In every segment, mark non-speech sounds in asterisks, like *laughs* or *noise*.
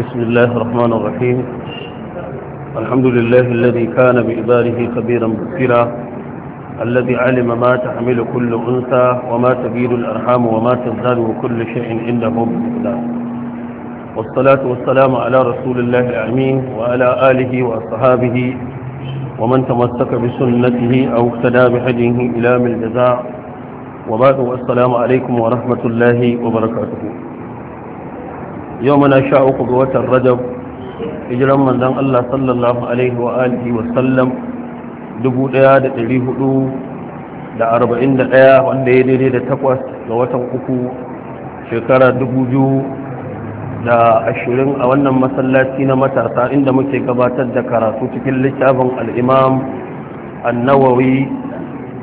بسم الله الرحمن الرحيم الحمد لله الذي كان بإباره خبيرا بكرا الذي علم ما تحمل كل أنثى وما تبيد الأرحام وما تزداد كل شيء عنده بمقدار والصلاة والسلام على رسول الله العمين وعلى آله وأصحابه ومن تمسك بسنته أو اقتدى بحجه إلى من الجزاء وبعد والسلام عليكم ورحمة الله وبركاته yau muna sha uku ga watan rajab hijiran manzon Allah sallallahu alaihi wa alihi wa sallam 1441 wanda ya daidai da takwas ga watan uku shekara 2020 a wannan masallaci na matasa inda muke gabatar da karatu cikin littafin al'imam annawawi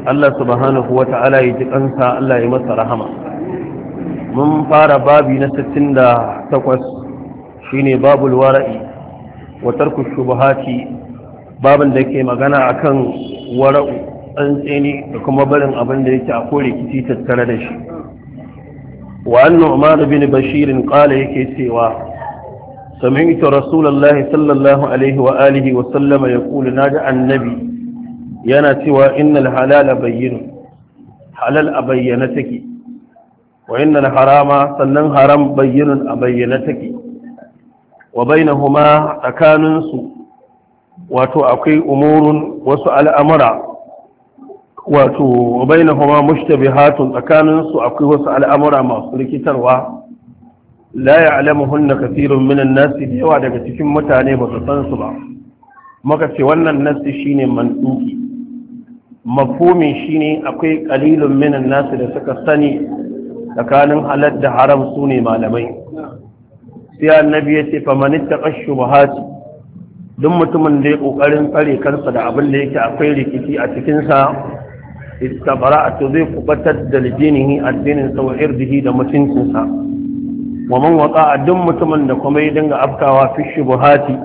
Allah subhanahu wa ta'ala ya ji kansa Allah ya masa rahama mun fara babi na 68 shine babul wara'i wa tarku shubahati babin da ke magana akan wara'u tsantseni da kuma barin abin da yake a kore kici tattare da shi wa annu umar bin bashir qala yake cewa سمعت رسول الله صلى الله عليه وآله وسلم يقول ناجع النبي ينا سوى إن الحلال بين حلال أبينتك wa inna harama sannan haram bayyinun a bayyana take wa bainahuma tsakaninsu wato akwai umurun wasu al'amura wato wa bainahuma mushtabihatun tsakaninsu akwai wasu al'amura masu rikitarwa la ya'lamuhunna kathirun minan nasi da yawa daga cikin mutane ba su san su ba maka ce wannan nasi shine manduki mafhumin shine akwai qalilun minan nasi da suka sani tsakanin halar da haram su ne malamai sai annabi ya ce famanin taɓa buhati duk mutumin da ya ƙoƙarin tsare kansa da abin da yake akwai rikici a cikinsa ita bara a zai kubatar da lijinihi addinin sa wa irdihi da mutuncinsa waman a duk mutumin da kuma ya dinga afkawa fi buhati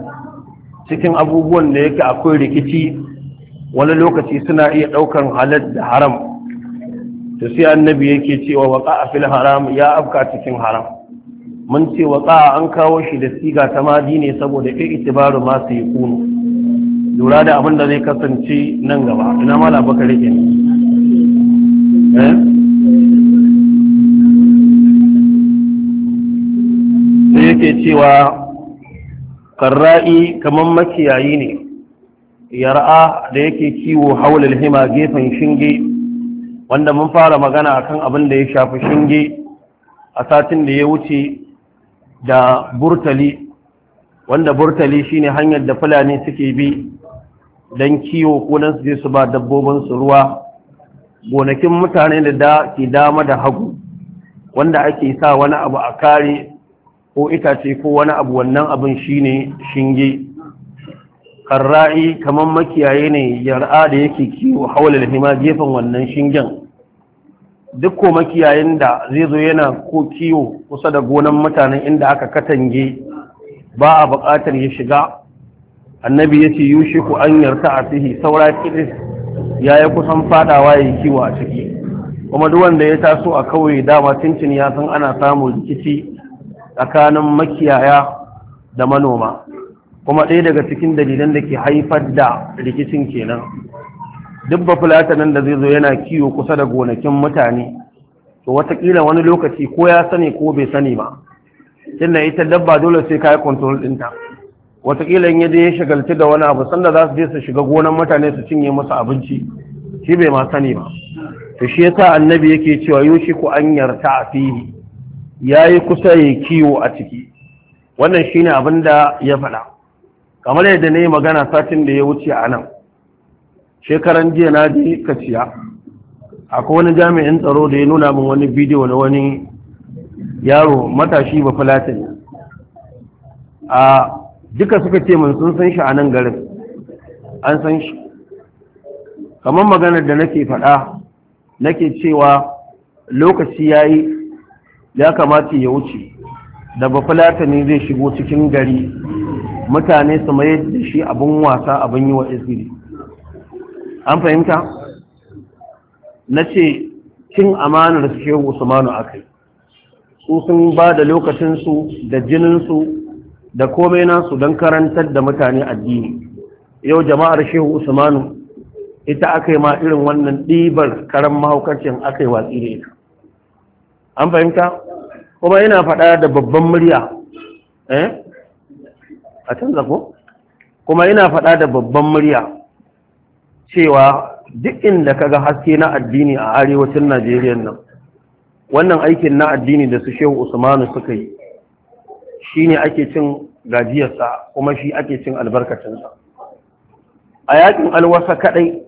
cikin abubuwan da yake akwai rikici wani lokaci suna iya ɗaukar halar da haram to sai annabi yake cewa waqa fil haram ya afka cikin haram mun ce waqa an kawo shi da siga ta madi ne saboda kai itibaru ma su yi kunu lura da abin da zai kasance nan gaba ina mala baka rike eh sai yake cewa karra'i kamar makiyayi ne yara'a da yake kiwo haulal hima gefen shinge wanda mun fara magana akan abin da ya shafi shinge a satin da ya wuce da burtali wanda burtali shine hanyar da fulani suke bi don kiwo ko don su je su ba dabbobin su ruwa gonakin mutane da ke dama da hagu wanda ake sa wani abu a kare ko itace ko wani abu wannan abin shine shinge karra'i kamar makiyaye ne yar'a da yake kiwo da hima gefen wannan shingen duk ko makiyayin da zai zo yana ko kiwo kusa da gonan mutanen inda aka katange ba a buƙatar ya shiga annabi ya ce yushe ku an yarta a sihi saura kiris ya yi kusan fadawa ya yi kiwo a ciki kuma duk wanda ya taso a kauye dama cincin ya san ana samun rikici tsakanin makiyaya da manoma kuma ɗaya daga cikin dalilan da ke haifar da rikicin kenan duk ba nan da zai zo yana kiwo kusa da gonakin mutane to watakila wani lokaci ko ya sani ko bai sani ba tunda ita dabba dole sai ka yi control ɗinta watakila in yaje ya shagalci da wani abu sanda za su je su shiga gonan mutane su cinye musu abinci shi bai ma sani ba to shi yasa annabi yake cewa yushi ku an yarta a fihi yayi kusa ya kiwo a ciki wannan shine abin da ya faɗa kamar yadda na yi magana satin da ya wuce a nan shekaran jiya na ji kaciya akwai wani jami'in tsaro da ya nuna min wani bidiyo na wani yaro matashi ba filatin a duka suka ce min sun san shi a nan garin an san shi kamar maganar da nake faɗa nake cewa lokaci ya yi ya kamata ya wuce da ba ne zai shigo cikin gari mutane su mayar da shi abin wasa abin yi wa izini. an fahimta na ce cin amanar shehu usmanu kai, su sun ba da lokacinsu da jininsu da komai nasu don karantar da mutane addini yau jama'ar shehu usmanu ita aka yi ma irin wannan ɗibar karan mahaukacin aka yi watsi da ita an fahimta kuma yana faɗa da babban murya eh a canza ko kuma yana faɗa da babban murya cewa duk inda kaga haske na addini a arewacin Najeriya nan wannan aikin na addini da su Shehu Usmanu suka yi shine ake cin gajiyarsa kuma shi ake cin albarkacinsa a yakin alwasa kadai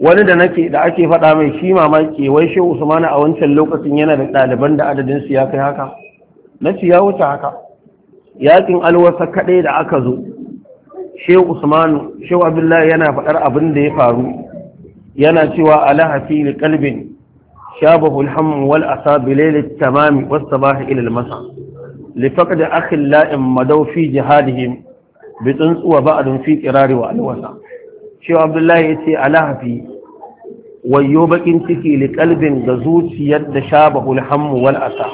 wani da nake da ake faɗa mai shi mamaki wai Shehu Usmanu a wancan lokacin yana da ɗaliban da adadin su ya kai haka na ya wuce haka yakin alwasa kadai da aka zo shehu usmanu shehu abdullahi yana faɗar abin da ya faru yana cewa alahafi da kalbin shabahu alhamu wal asa bilailin tamami wasu sabahi ilil masa Lifak da akhil la'in madau fi jihadihim bi tsuntsuwa ba'adun fi kirari wa alwasa shehu abdullahi ya ce alahafi wayo bakin ciki li kalbin ga zuciyar da shabahu alhamu wal asa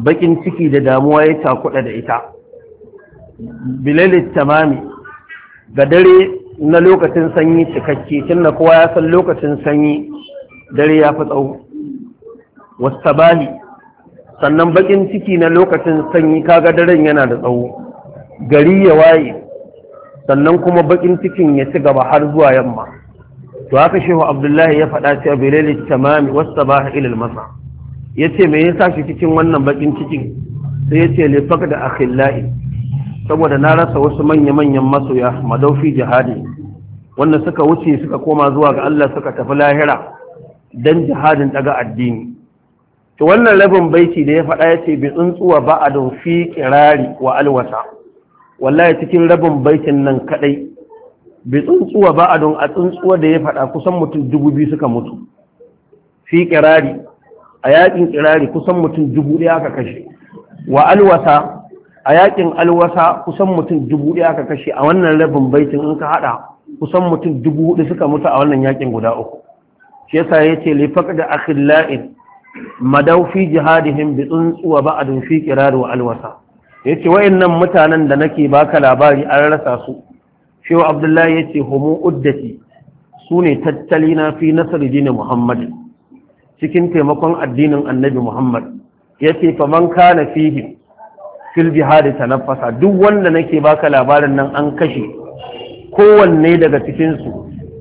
bakin ciki da damuwa ya takuda da ita bilailin tamami ga dare na lokacin sanyi cikakke tun da kowa ya san lokacin sanyi dare ya fi tsawo wasabali sannan bakin ciki na lokacin sanyi kaga daren yana da tsawo gari ya waye sannan kuma bakin cikin ya ci gaba har zuwa yamma to haka shehu abdullahi ya faɗa cewa bilal tamami wasabaha ila ilil masa yace me sa shi cikin wannan bakin cikin sai ya yace lefak da akhillahi saboda na rasa wasu manya-manyan masoya madaufi jihadi wannan suka wuce suka koma zuwa ga Allah suka tafi lahira don jihadin daga addini to wannan rabin baiti da ya faɗa ya ce bi tsuntsuwa ba a fi kirari wa alwasa wallahi cikin rabin baitin nan kadai bi tsuntsuwa ba a don a tsuntsuwa da ya faɗa kusan mutum dubu biyu suka mutu fi kirari a yakin kirari kusan mutum dubu ɗaya aka kashe wa alwasa a yakin alwasa kusan mutum dubu ɗaya aka kashe a wannan rabin baitin in ka haɗa kusan mutum dubu hudu suka mutu a wannan yakin guda uku shi yasa ya ce lifaq da la'in madau fi jihadihim bi tsuntsuwa ba'adun fi kirari wa alwasa yace wayannan mutanen da nake baka labari an rasa su shehu abdullahi ya yace homo uddati ne tattali na fi nasarar dinin muhammad cikin taimakon addinin annabi muhammad yace faman kana fihim fil jihadi tanaffasa duk wanda nake baka labarin nan an kashe kowanne daga cikin su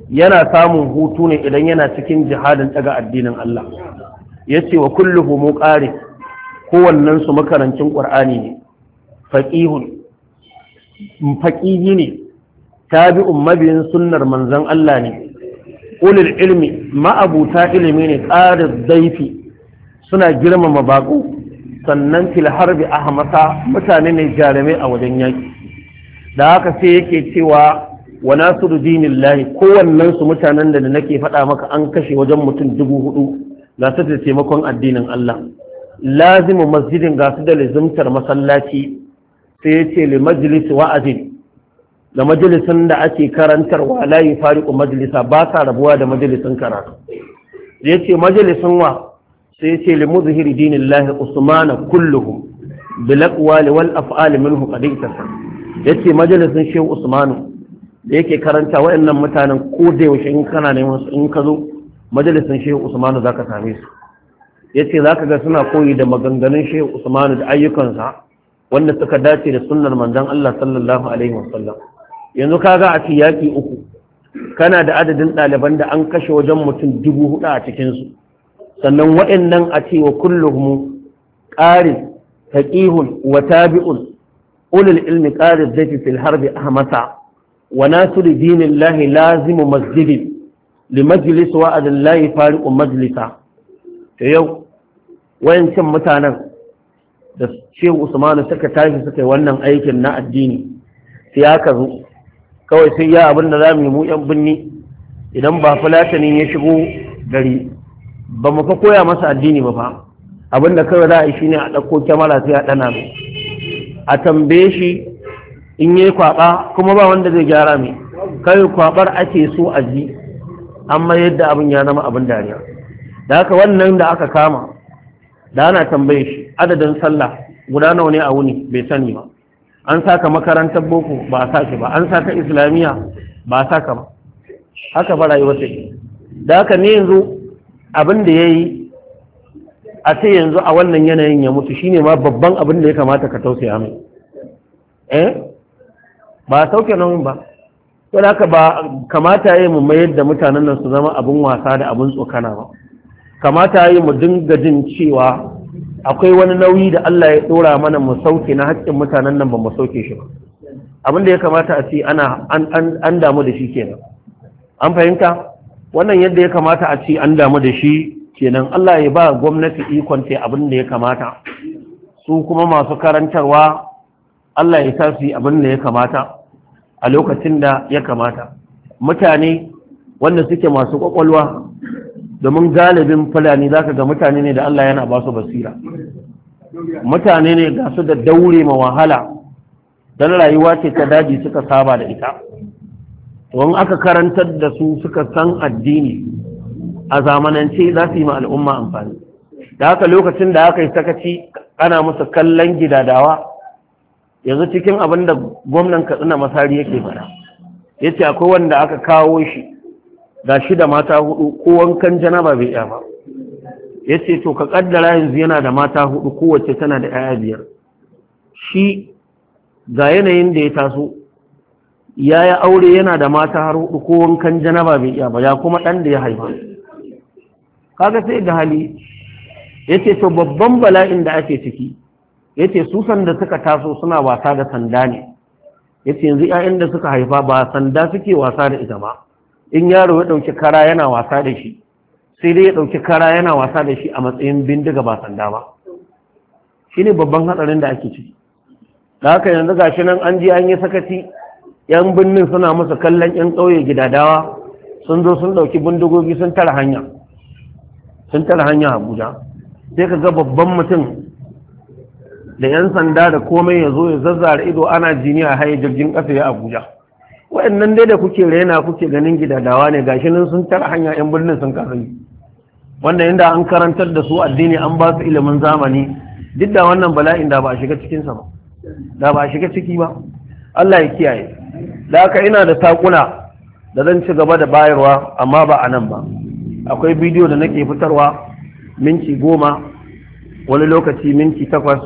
yana samun hutu ne idan yana cikin jihadin daga addinin Allah yace wa kulluhu muqari kowanne su makarancin qur'ani ne faqihun faqihi ne tabi'un mabiyin sunnar manzon Allah ne ulul ilmi ma'abuta ilimi ne qarid daifi suna girmama baƙo sannan fil harbi ahmasa mutane ne jarumai a wajen yaki da haka sai yake cewa wa nasiru dinillahi kowannen su mutanen da nake faɗa maka an kashe wajen mutum dubu hudu ga su da taimakon addinin Allah lazimu masjidin ga su da lizimtar masallaci sai yace li majlis wa'azin da majalisin da ake karantarwa la fariku majlisa ba sa rabuwa da majalisin karatu yace majalisin wa sai ce li muzhiri dinillahi usmana kulluhum bil aqwali wal af'ali minhu qad yace majalisin shehu usman da yake karanta wayannan mutanen ko da yaushe in kana neman su in ka zo majalisin shehu usman zaka same su yace zaka ga suna koyi da maganganun shehu usman da ayyukansa wanda suka dace da sunnar manzon Allah sallallahu alaihi wasallam yanzu kaga a yaki uku kana da adadin ɗaliban da an kashe wajen mutum dubu hudu a cikinsu sannan waɗannan a ce wa kulluhum ƙari taqihun wa tabi'un ulul ilmi qari zafi fil harbi ahmasa wa nasir dinillahi lazimu masjidin li majlis wa adallahi fariqu majlisa to yau wayancin mutanen da Shehu Usmanu suka tashi suka yi wannan aikin na addini sai ya zo kawai sai ya abin da za mu yi mu yan binni idan ba fulatani ya shigo gari ba mu fa koya masa addini ba fa abinda kawai za a yi ne a ɗauko kyamara sai a ɗana mai a tambaye shi in yi kwaɓa kuma ba wanda zai gyara mai kai kwaɓar ake so a ji amma yadda abin ya zama abin dariya da haka wannan da aka kama da ana tambaye shi adadin sallah guda nawa ne a wuni bai sani ba an saka makarantar boko ba a sake ba an saka islamiyya ba a saka ba haka ba rayuwa sai da haka ne yanzu abin da ya yi a ce yanzu a wannan yanayin ya mutu shine ma babban abin da ya kamata ka tausaya mai eh ba sauke nan ba da haka ba kamata yi mu mayar da mutanen nan su zama abin wasa da abin tsokana ba kamata yi mu dinga jin cewa akwai wani nauyi da Allah ya dora mana mu sauke na haƙƙin mutanen nan ba mu sauke shi ba abin da ya kamata a ce ana an damu da shi kenan an fahimta wannan yadda ya kamata a ci an damu da shi kenan Allah ya ba gwamnati ikon ta abin da ya kamata su kuma masu karantarwa Allah ya sa su abin da ya kamata a lokacin da ya kamata mutane wanda suke masu kwakwalwa domin galibin fulani zaka ga mutane ne da Allah yana ba su basira mutane ne ga su da daure ma wahala dan rayuwa ce ta daji suka saba da ita wani aka karantar da su suka san addini a zamanance za su yi ma al'umma amfani da haka lokacin da aka yi sakaci ana musu kallon gidadawa yanzu cikin abin da gwamnan katsina masari yake fara ya ce akwai wanda aka kawo shi ga shi da mata hudu ko wankan janaba bai iya ba ya ce to ka kaddara yanzu yana da mata hudu kowace tana da 'ya'ya biyar shi ga yanayin da ya taso ya yi aure yana da mata har hudu ko wankan janaba bai iya ba ya kuma ɗan da ya haifa kaga sai da hali ya ce to babban bala'in da ake ciki ya ce su sanda suka taso suna wasa da sanda ne ya ce yanzu 'ya'yan da suka haifa ba sanda suke wasa da ita ba in yaro ya ɗauki kara yana wasa da shi sai dai ya ɗauki kara yana wasa da shi a matsayin bindiga ba sanda ba shi ne babban hatsarin da ake ciki da haka yanzu gashi nan an ji an yi sakaci yan birnin suna masa kallon yan ƙauye gidadawa sun zo sun ɗauki bindigogi sun tara hanya sun tara hanya abuja sai ka ga babban mutum da yan sanda da komai ya zo ya zazzara ido ana jini a haye jirgin ƙasa ya abuja waɗannan dai da kuke raina kuke ganin gidadawa ne gashi nan sun tara hanya yan birnin sun kasa yi wanda inda an karantar da su addini an ba su ilimin zamani duk da wannan bala'in da ba a shiga cikinsa ba da ba a shiga ciki ba Allah ya kiyaye da aka ina da takuna da zan ci gaba da bayarwa amma ba a nan ba akwai bidiyo da nake fitarwa minti goma wani lokaci minti takwas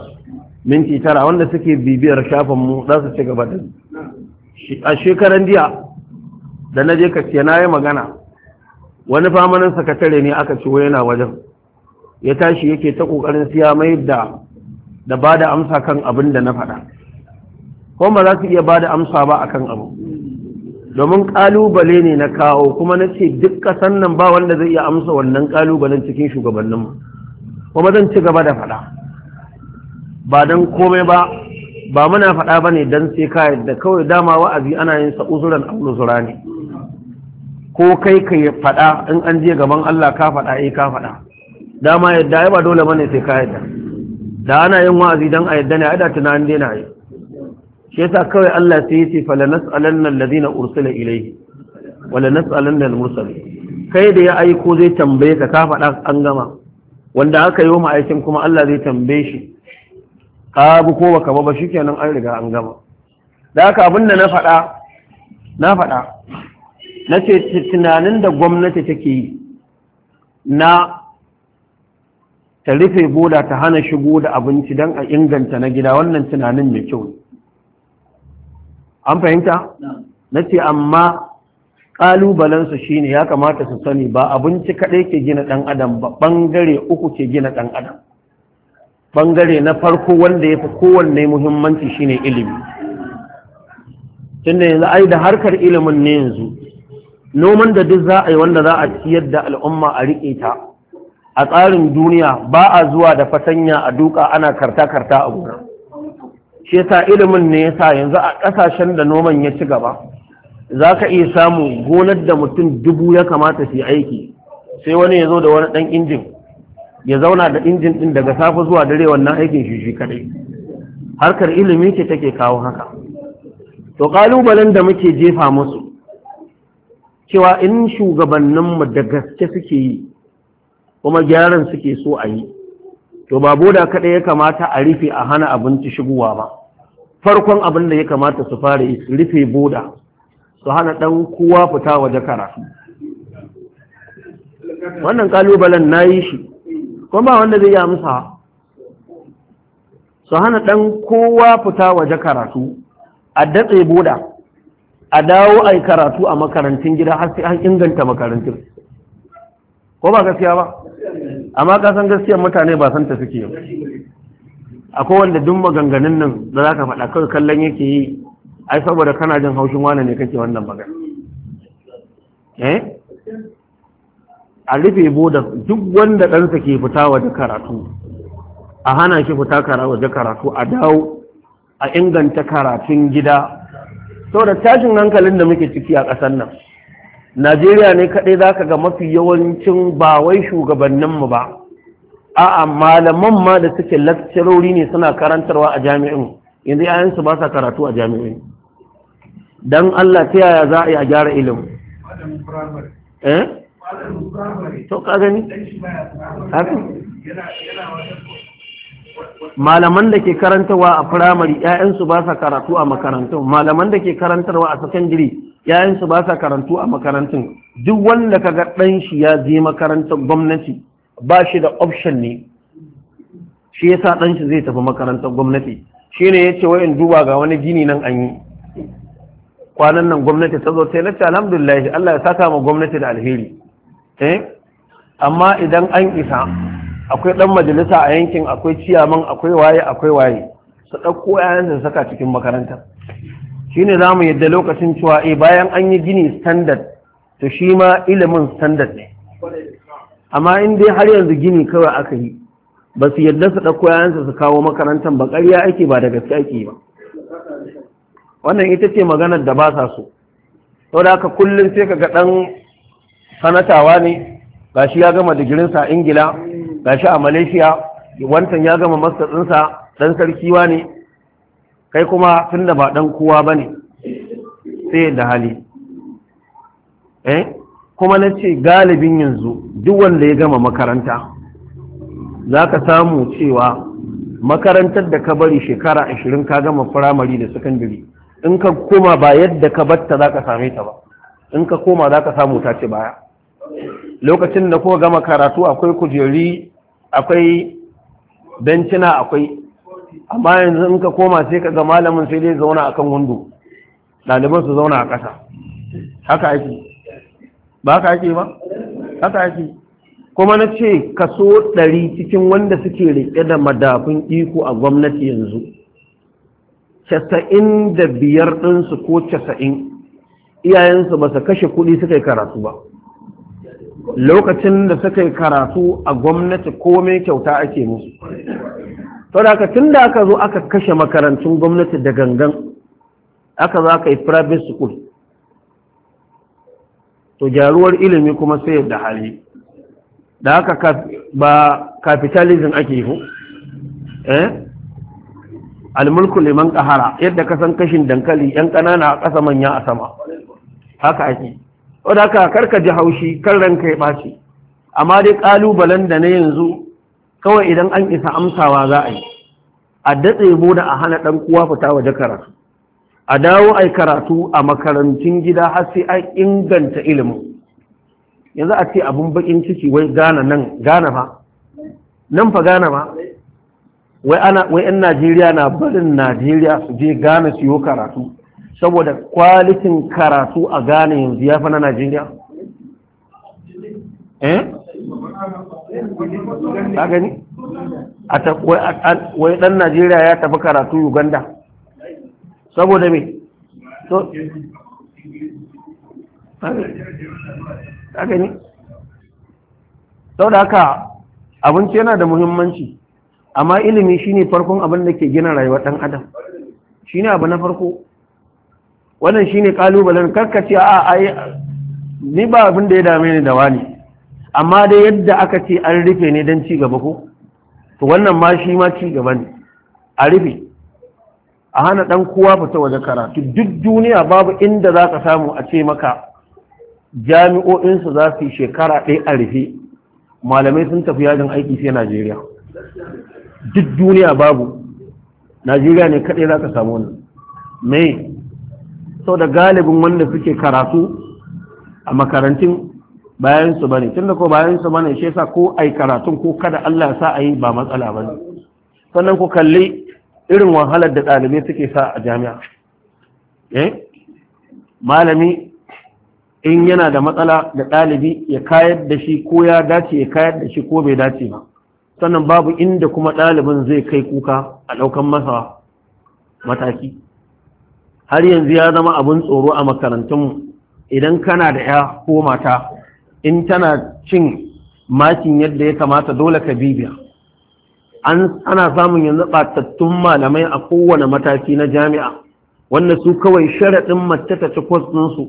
minti tara wanda suke bibiyar shafinmu za su ci gaba da a shekaran jiya da na je ka kaciya na yi magana wani famanin sakatare ne aka ciwo yana wajen ya tashi yake ta ƙoƙarin siya mai da ba da amsa kan abin da na faɗa ko ba za su iya ba da amsa ba a kan abu domin ƙalubale ne na kawo kuma na ce duk ƙasan nan ba wanda zai iya amsa wannan ƙalubalen cikin shugabanninmu kuma zan ci gaba da faɗa ba don komai ba ba muna faɗa ba ne don sai ka yadda kawai dama wa'azi ana yin sa uzuran auzura ne ko kai ka faɗa in an je gaban Allah ka faɗa eh ka faɗa dama yadda ai ba dole bane sai ka yadda da ana yin wa'azi don a yadda ne a da tunanin dena yi shi yasa kawai Allah sai yace fa lanas'alanna alladhina ursila ilayhi wa lanas'alanna al-mursalin kai da ya aiko zai tambaye ka ka faɗa an gama wanda aka yi wa ma'aikin kuma Allah zai tambaye shi ka bu ko baka ba shikenan an riga an gama da haka abinda na faɗa na faɗa na ce tunanin da gwamnati take yi na ta rufe boda ta hana shigo da abinci don a inganta na gida wannan tunanin mai kyau an fahimta na ce amma ƙalubalensu shi ne ya kamata su sani ba abinci kaɗai ke gina ɗan adam ba ɓangare uku ke gina ɗan adam ɓangare na farko wanda ya fi kowanne muhimmanci shi ne ilimi tunda yanzu ai da harkar ilimin ne yanzu noman da duk za a yi wanda za a ciyar da al'umma a riƙe ta a tsarin duniya ba a zuwa da fatanya a duka ana karta-karta a gona shi yasa ilimin ne yasa yanzu a ƙasashen da noman ya ci gaba za ka iya samu gonar da mutum dubu ya kamata su aiki sai wani ya zo da wani ɗan injin ya zauna da injin ɗin daga safe zuwa dare wannan aikin shi shi kaɗai harkar ilimi ke take kawo haka to ƙalubalen da muke jefa musu cewa in shugabanninmu da gaske suke yi kuma gyaran suke so a yi to ba boda kaɗai ya kamata a rufe a hana abinci shigowa ba farkon abin da ya kamata su fara yi su rufe boda su hana ɗan kowa fita waje karatu wannan kalubalen na yi shi kuma wanda zai yi amsa su hana ɗan kowa fita waje karatu a datse boda a dawo a yi karatu a makarantun gida har sai an inganta makarantun ko ba gaskiya ba amma kasan gaskiyar mutane ba san ta suke yau akwai wanda duk maganganun nan da za ka faɗa kawai kallon yake yi ai saboda kana jin haushin wane ne kake wannan magana eh a rufe boda duk wanda ɗansa ke fita waje karatu a hana shi fita waje karatu a dawo a inganta karatun gida saboda tashin hankalin da muke ciki a ƙasar nan najeriya ne kaɗai zaka ga mafi yawancin ba wai shugabanninmu ba a'a malaman ma da suke lakcirori ne suna karantarwa a jami'in yanzu yayansu ba sa karatu a jami'in don Allah ta yaya za a yi a gyara ilimin eh to ka gani malaman da ke karantarwa a firamare yayansu ba sa karatu a makarantun malaman da ke karantarwa a sakandare yayansu ba sa karatu a makarantun duk wanda kaga ɗan shi ya je makarantar gwamnati ba shi da option ne shi yasa sa shi zai tafi makarantar gwamnati Shi ya ce, wa in duba ga wani gini nan an yi kwanan nan gwamnati ta zo ta nace alhamdulillah Allah ya saka ma gwamnati da alheri eh? amma idan an isa akwai dan majalisa a yankin akwai ciyaman akwai waye akwai waye su ɗauko yayan su saka cikin makaranta za mu yadda lokacin cewa eh bayan an yi gini standard to shi ma ilimin standard ne amma in dai har yanzu gini kawai aka yi ba su yadda su ɗauko yayansu su kawo makarantar ba ƙarya ake ba da gaske ake ba wannan ita ce maganar da ba sa so da haka kullum sai ka ga ɗan sanatawa ne gashi ya gama digirinsa a ingila gashi a malaysia wancan ya gama masarinsa ɗan sarkiwa ne kai kuma tun da ba ɗan kowa ba ne sai da hali eh kuma na ce galibin yanzu duk wanda ya gama makaranta za ka samu cewa makarantar da ka bari shekara ashirin ka gama firamare da sakandare in ka koma ba yadda ka batta za ka same ta ba in ka koma za ka samu ta ce baya lokacin da kuma gama karatu akwai kujeri akwai bencina akwai amma yanzu in ka koma sai ka ga malamin sai dai zauna akan wando ɗaliban su zauna a ƙasa haka ake ba ka ake ba haka ake kuma na ce kaso ɗari cikin wanda suke riƙe da madafin iko a gwamnati yanzu casa'in da biyar ɗinsu ko casa'in iyayensu ba su kashe kuɗi suka yi karatu ba lokacin da suka yi karatu a gwamnati komai kyauta ake musu saboda tun da aka zo aka kashe makarantun gwamnati da gangan aka zo aka yi private school to gyaruwar ilimi kuma sai da hali da haka ba capitalism ake yi eh almulku liman qahara yadda ka san kashin dankali yan kanana a ƙasa manya a sama haka ake wadda haka karka ji haushi kan ranka ya ɓaci amma dai ƙalubalen da na yanzu kawai idan an isa amsawa za a yi a datse boda a hana ɗan kuwa fita waje karatu a dawo ai karatu a makarantun gida har sai an inganta ilimin yanzu a ce abin bakin ciki wai gana nan gana fa nan fa gana ma wai ana wai yan Najeriya na barin Najeriya su je gana su yi karatu saboda kwalitin karatu a gana yanzu ya fa na Najeriya eh gani a ta wai dan Najeriya ya tafi karatu Uganda saboda mai to haka gani saboda haka abinci yana da muhimmanci amma ilimi shine farkon abin da ke gina rayuwa ɗan adam shine abu na farko wannan shine kalubalen karkace a a ni ba abin da ya dame ni da wani amma dai yadda aka ce an rufe ne don ci gaba ko to wannan ma shi ma ci gaba ne a rufe a hana ɗan kowa fita waje karatu duk duniya babu inda za ka samu a ce maka jami'o'insu za su yi shekara ɗaya a rufe malamai sun tafi yajin aiki sai najeriya duk duniya babu najeriya ne kaɗai za ka samu wani. mai sau da galibin wanda suke karatu a makarantun bayansu ba ne tun da ko bayansu ba ne shi yasa ko ai karatun ko kada allah sa a yi ba matsala ba ne sannan ku kalli irin wahalar da ɗalibai suke sa a jami'a eh? malami in yana da matsala da ɗalibi ya kayar da shi ko ya dace ya kayar da shi ko bai dace ba sannan babu inda kuma ɗalibin zai kai kuka a ɗaukan masa mataki har yanzu ya zama abin tsoro a makarantunmu idan kana da ya ko mata in tana cin makin yadda ya kamata dole ka bibiya ana samun yanzu ɓatattun malamai a kowane mataki na jami'a wanda su kawai sharaɗin mace ta ci kwasinsu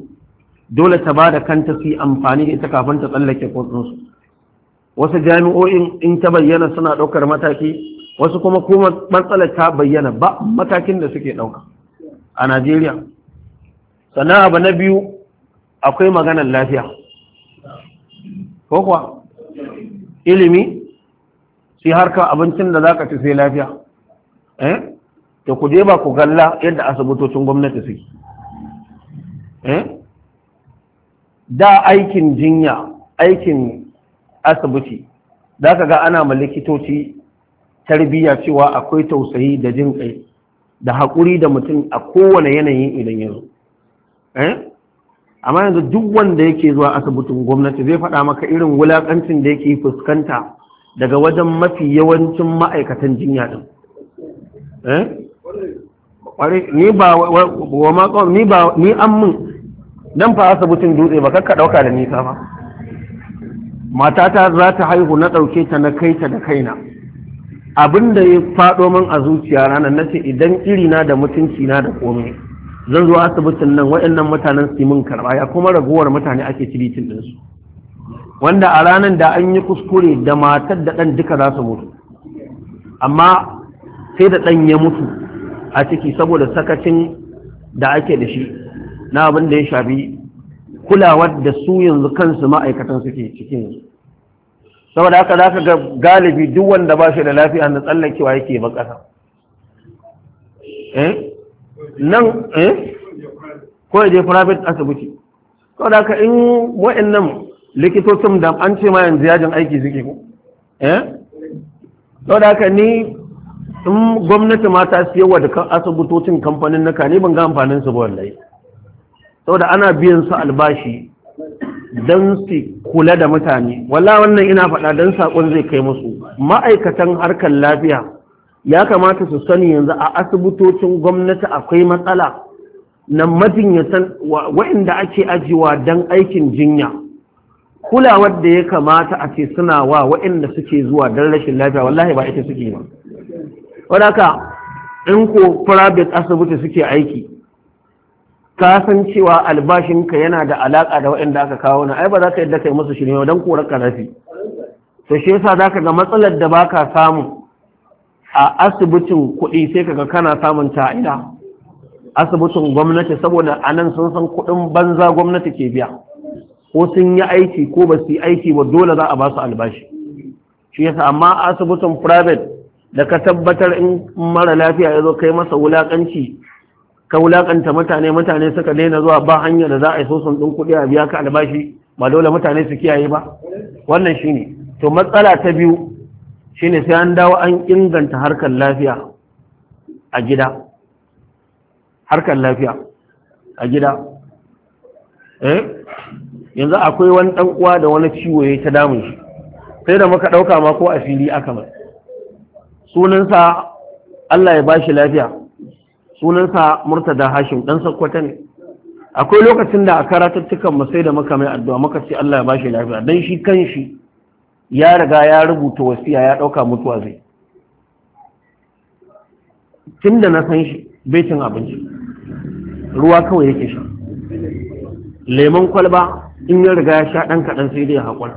dole ta ba da kanta su yi amfani da ita kafin ta tsallake kwasinsu wasu jami'o'in in ta bayyana suna ɗaukar mataki wasu kuma kuma matsalar ta bayyana ba matakin da suke ɗauka a najeriya sannan abu na biyu akwai maganar lafiya ko kuwa ilimi sai harka abincin da za ka ci sai lafiya eh to ku je ba ku galla yadda asibitocin gwamnati suke eh da aikin jinya aikin asibiti za ka ga ana ma likitoci tarbiyya cewa akwai tausayi da jin kai da haƙuri da mutum a kowane yanayi idan ya zo eh? amma yanzu duk wanda yake zuwa asibitin gwamnati zai faɗa maka irin wulaƙancin da yake fuskanta daga wajen mafi yawancin ma'aikatan jinya din eh? ni ni an mun don fa asibitin dutse ba kakka ɗauka da nisa ba matata za ta haihu na ɗauke ta na kai ta da kaina abin da ya faɗo min a zuciya ranar nace idan irina da mutunci na da komai zan zo asibitin nan waɗannan mutanen su min karɓa ya kuma raguwar mutane ake cibitin ɗinsu wanda a ranar da an yi kuskure da matar da ɗan duka za su mutu amma sai da ɗan ya mutu a ciki saboda sakacin da ake da shi na abin da ya shafi kulawar da su yanzu kansu ma'aikatan suke cikin saboda haka za ka galibi duk wanda ba shi da lafiya na tsallakewa yake bakasa eh? nan eh ko je private asibiti saboda haka in wa'annan likitocin da an ce ma yanzu yajin aiki suke ku eh da haka ni in gwamnati ma ta wa da asibitocin kamfanin naka ne ban ga amfanin su ba wallahi saboda ana biyan su albashi don su kula da mutane walla wannan ina faɗa don sakon zai kai musu ma'aikatan harkar lafiya ya kamata su sani yanzu a asibitocin gwamnati akwai matsala na majinyatan waɗanda ake ajiwa don aikin jinya kulawar da ya kamata a ce suna wa waɗanda suke zuwa don rashin lafiya wallahi ba ita suke ba wadaka in ko private asibiti suke aiki ka san cewa albashinka yana da alaƙa da waɗanda aka kawo na ai ba za ka yadda kai musu shirme don korar karafi to shi yasa za ka ga matsalar da baka samu a asibitin kuɗi sai ka ga kana samun ta asibitin gwamnati saboda anan sun san kuɗin banza gwamnati ke biya ko sun yi aiki ko ba su yi aiki ba dole za a ba su albashi shi yasa amma asibitin private da ka tabbatar in mara lafiya ya zo kai masa wulakanci ka wulakanta mutane mutane suka daina zuwa ba hanyar da za a yi sun ɗin kuɗi a biya ka albashi ba dole mutane su kiyaye ba wannan shine to matsala ta biyu shine sai an dawo an inganta harkar lafiya a gida harkar lafiya a gida eh yanzu akwai wani dan uwa da wani ciwo ya ta damun shi sai da muka dauka ma ko asiri aka mai sunansa Allah ya bashi lafiya sunansa Murtada Hashim dan Sakkwata ne akwai lokacin da a tukan mu sai da muka mai addu'a muka ce Allah ya bashi lafiya dan shi kanshi ya riga ya rubuta wasiya ya dauka mutuwa zai tunda na san shi baitin abinci ruwa kawai yake sha lemon kwalba in ya riga ya sha ɗan kaɗan sai dai haƙura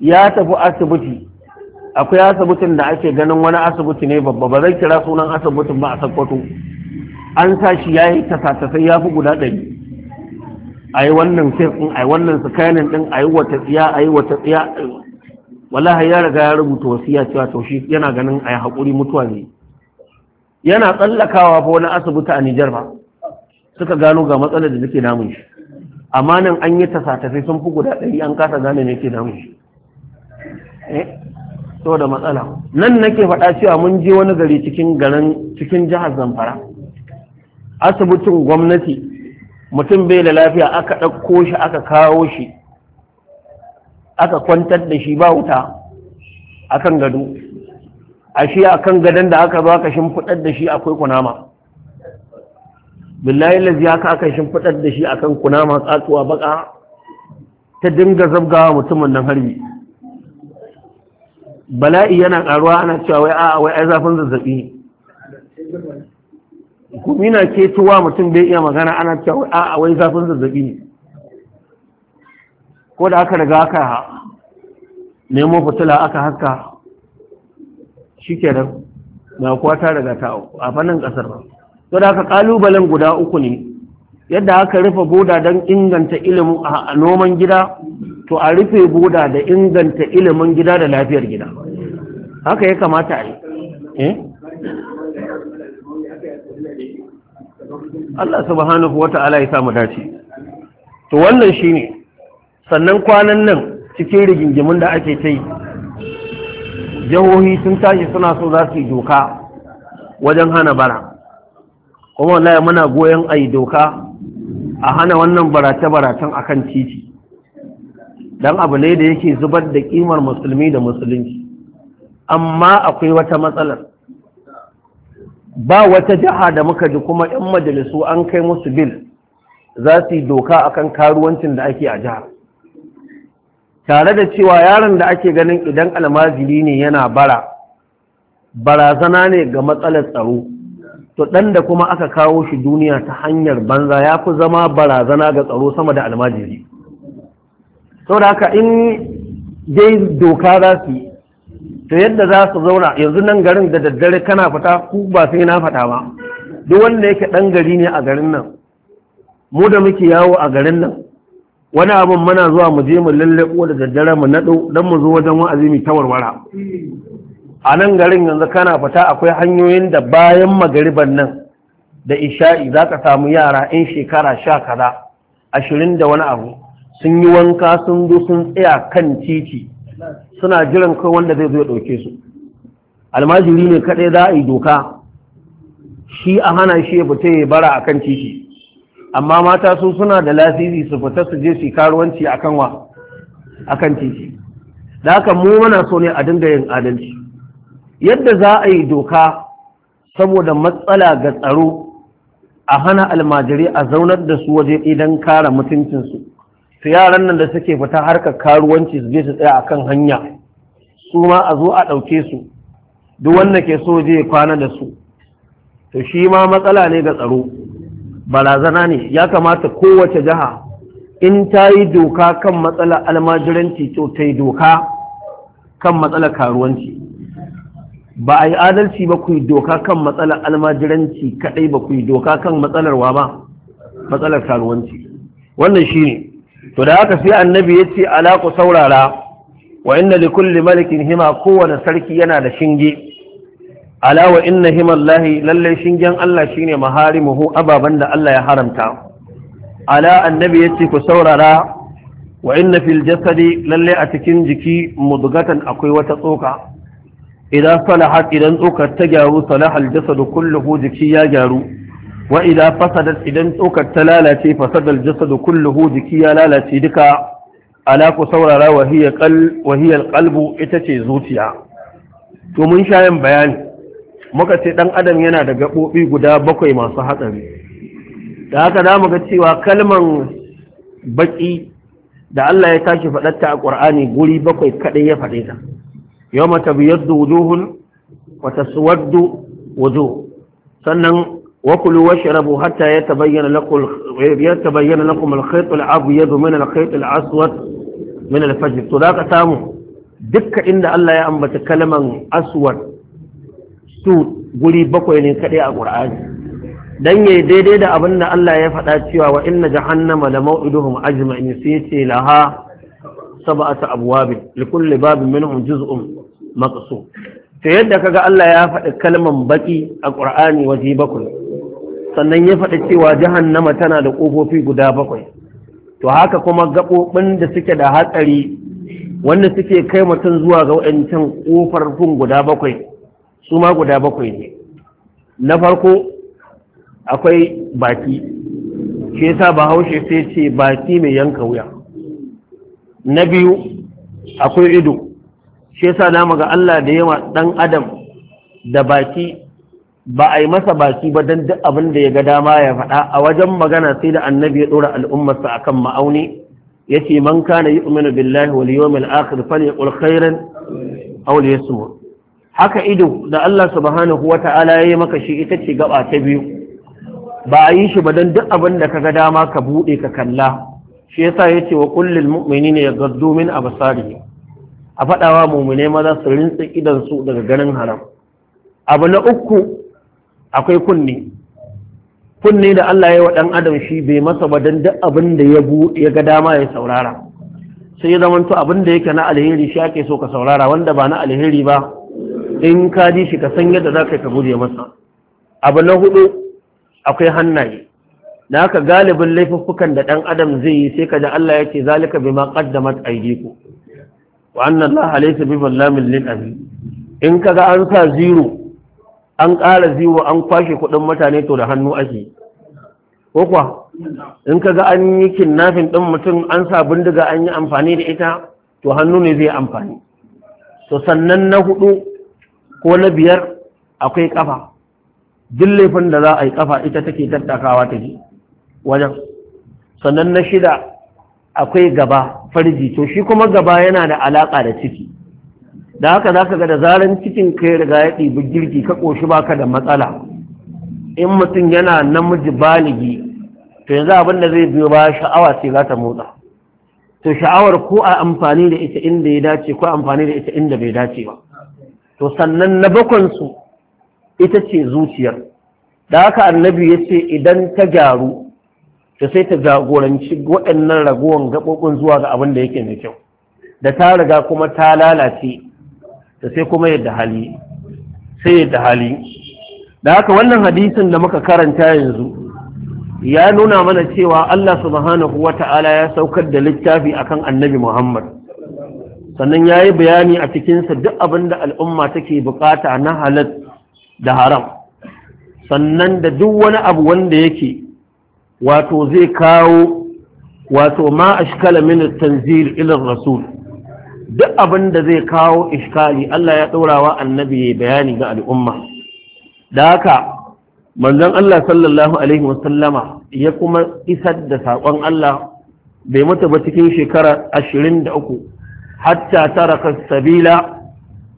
ya tafi asibiti akwai asibitin da ake ganin wani asibiti ne babba ba zai kira sunan asibitin ba a sakkwato an sa shi ya yi tasatasai ya fi guda ɗari a yi wannan fim ɗin a yi wannan sakanin ɗin a yi wata tsiya a yi wata tsiya wallahi ya riga ya rubuta wasiya cewa taushe yana ganin a yi haƙuri mutuwa ne yana tsallakawa fa wani asibiti a Nijar ba suka gano ga matsalar da nake namun shi amma nan an yi tasatafi sun fi guda ɗari an kasa gane ne ke damu to eh, da matsala nan nake faɗa cewa mun je wani gari cikin garin cikin jihar zamfara asibitin gwamnati mutum bai da lafiya aka ɗauko shi aka kawo shi aka kwantar da shi ba wuta akan gado a shi akan gadon da aka zo aka shimfiɗar da shi akwai kunama billahi lazi ya aka fitar da shi akan kunama tsatsuwa baka ta dinga zabgawa mutumin nan harbi bala'i yana ƙaruwa ana cewa wai a'a wai ai zafin zazzabi gumi na ke tuwa mutum bai iya magana ana cewa wai a'a wai zafin zazzabi ko da aka riga aka nemo fitila aka haska shi kenan na kuwa ta riga ta a fannin ƙasar ba to da haka kalubalen guda uku ne yadda aka rufe boda don inganta ilimin a noman gida to a rufe boda da inganta ilimin gida da lafiyar gida haka ya kamata a yi eh? Allah subhanahu wata'ala ta'ala ya samu dace to wannan shine sannan kwanan nan cikin rigingimin da ake ta yi sun tashi suna so za su yi doka wajen hana bara kuma wallahi muna goyon ayi doka a hana wannan barace-baracen akan titi don abu ne da yake zubar da kimar musulmi da musulunci amma akwai wata matsalar ba wata jiha da muka ji kuma 'yan majalisu an kai musu bil za su yi doka akan karuwancin da ake a jihar tare da cewa yaron da ake ganin idan almajiri ne yana bara barazana ne ga matsalar tsaro to ɗan da kuma aka kawo shi duniya ta hanyar banza ya fi zama barazana ga tsaro sama da almajiri saboda haka in dai doka za su yi to yadda za su zauna yanzu nan garin da daddare kana fita ku ba sai na fata ba duk wanda yake ɗan gari ne a garin nan mu da muke yawo a garin nan wani abin mana zuwa mu je mu lallabo da daddare mu naɗo don mu zo wajen wa'azi mu ta warwara a nan garin yanzu kana fita akwai hanyoyin da bayan magariban nan da isha'i za ka samu yara in shekara sha kaza ashirin da wani abu sun yi wanka sun zo sun tsaya kan titi suna jiran kai wanda zai zo ya ɗauke su almajiri ne kaɗai za a yi doka shi a hana shi ya fita ya bara akan titi amma mata su suna da lasisi su fita su je su karuwanci akan wa akan titi da haka mu muna so ne a dinga yin adalci yadda za a yi doka saboda matsala ga tsaro a hana almajiri a zaunar da su waje idan kara mutuncinsu su yaran nan da suke fita harkar karuwanci su je su tsaya kan hanya su ma a zo a ɗauke su duk wanda ke so je kwana da su to shi ma matsala ne ga tsaro barazana ne ya kamata kowace jiha in ta yi doka kan matsala almajiranci to ta yi doka kan matsala karuwanci ba a yi adalci ba ku yi doka kan matsalar almajiranci kadai ba ku yi doka kan matsalar wa ba matsalar karuwanci wannan shi ne to da haka sai annabi ya ce alaƙu saurara wa inna da kulle malikin hima kowane sarki yana da shinge ala wa inna lahi lallai shingen Allah shine maharimuhu ababan da Allah ya haramta ala annabi yace ku saurara wa inna fil jasadi lallai a cikin jiki mudgatan akwai wata tsoka idan salahat idan tsokar ta gyaru salahal jasadu kulluhu jiki ya gyaru wa idan fasadat idan tsokar ta lalace fasadal jasadu kulluhu jiki ya lalace duka ala saurara wahiyar kalbu ita ce zuciya to mun sha yin bayani muka ce dan adam yana da gaɓoɓi guda bakwai masu hatsari da haka za mu ga cewa kalman baƙi da Allah ya tashi faɗatta a Kur'ani guri bakwai kaɗai ya faɗe yawma tabyaddu wujuhun wa taswaddu wujuh sannan wa kulu washrabu hatta yatabayyana lakum lakum al-khayt al min al aswad min al To za ka samu dukkan inda Allah ya ambata kalman aswad su guri bakwai ne kaɗai a ƙur'ani dan ya daidai da abin da Allah ya faɗa cewa wa inna jahannama da mau'iduhum ajma'in sai ce laha sab'atu abwab li kulli babin minhum juz'un maqsu to yadda kaga Allah ya faɗi kalman baki a Ƙur'ani waje bakwai sannan ya faɗi cewa jahannama tana da ƙofofi guda bakwai to haka kuma gaɓoɓin da suke da hatsari wanda suke kai mutum zuwa ga wa'ancan ƙofar fun guda bakwai su ma guda bakwai ne na farko akwai baki Ke sa bahaushe sai ce baki mai yanka wuya na biyu akwai ido shi yasa na ga Allah da yawa dan adam da baki ba a yi masa baki ba don duk abin da ya ga dama ya faɗa a wajen magana sai da annabi ya ɗora al'ummarsa a kan ma'auni ya ce man kana yi umaru billahi wal yawm al akhir fal yaqul khairan ya haka ido da Allah subhanahu wa ta'ala ya yi maka shi ita ce gaba ta biyu ba a yi shi ba don duk abin da ka ga dama ka buɗe ka kalla shi yasa ya ce wa kullum ya yaghaddu min basari? a faɗawa mummune maza su rinsa su daga ganin haram abu na uku akwai kunne kunne da Allah ya wa ɗan adam shi bai masa ba don duk abin da ya ga dama ya saurara sai ya zamanto abin da yake na alheri shi ake so ka saurara wanda ba na alheri ba in ka ji shi ka san yadda za ka ka guje masa abu na hudu akwai hannaye Na ka galibin laifuffukan da ɗan adam zai yi sai ka ji Allah ya ce zalika bima qaddamat aydiku wa annan Allah laysa bi zallamin lil abi in kaga an sa zero an ƙara zero an kwashe kuɗin mutane to da hannu ake ko kuwa in kaga an yi kinnafin ɗin mutum an sa bindiga an yi amfani da ita to hannu ne zai amfani to sannan na hudu ko na biyar akwai kafa duk laifin da za a yi kafa ita take tattakawa ta ji wajen sannan na shida akwai gaba farji to shi kuma gaba yana da alaƙa da ciki da haka za ka ga da zaran cikin kai riga ya ɗibi girki ka ƙoshi baka da matsala in mutum yana namiji baligi to yanzu abin da zai biyo ba sha'awa sai za ta motsa to sha'awar ko a amfani da ita inda ya dace ko amfani da ita inda bai dace ba to sannan na bakon su ita ce zuciyar da haka annabi ya ce idan ta gyaru Ta sai ta jagoranci waɗannan ragowan gaɓoɓin zuwa ga abin da yake mai kyau da ta riga kuma ta lalace Ta sai kuma yadda hali sai yadda hali da haka wannan hadisin da muka karanta yanzu ya nuna mana cewa Allah subhanahu wata'ala ya saukar da littafi akan annabi Muhammad sannan ya yi bayani a cikinsa duk abin da al'umma take bukata na halal da haram sannan da duk wani abu wanda yake wato zai kawo wato ma ashkala min tanzil ila rasul duk abin da zai kawo ishkali Allah ya ɗorawa annabi bayani ga al'umma da haka manzon Allah sallallahu alaihi wasallama ya kuma isar da saƙon Allah bai mutu ba cikin shekara ashirin da uku hatta taraka sabila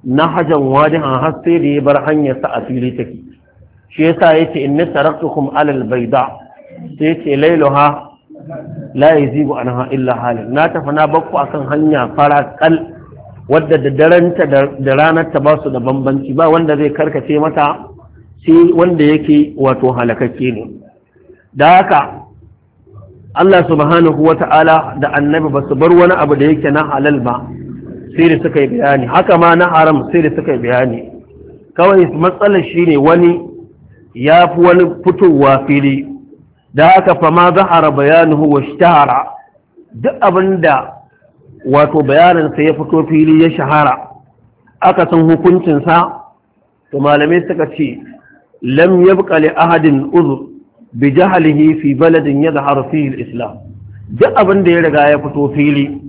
na hajan wajen a sai da ya bar hanyarsa a fili take shi yasa yace inni taraktukum alal baida sai ya ce lailuha la yazigu illa halin na tafi na bakku kan hanya fara kal wadda da daranta da ranar ta ba su da bambanci ba wanda zai karkace mata sai wanda yake wato halakakke ne da haka Allah subhanahu wa ta'ala da annabi ba su bar wani abu da yake na halal ba sai da suka yi bayani haka ma na haram sai da suka yi bayani kawai matsalar shi ne wani ya fi wani fitowa fili da haka fama zahara bayanuhu wa shahara duk abinda wato bayaninsa ya fito fili ya shahara aka san hukuncinsa to malamai suka ce lam yabqa li ahadin uzr bi jahlihi fi baladin yadhhar fihi al-islam duk abinda ya riga ya fito fili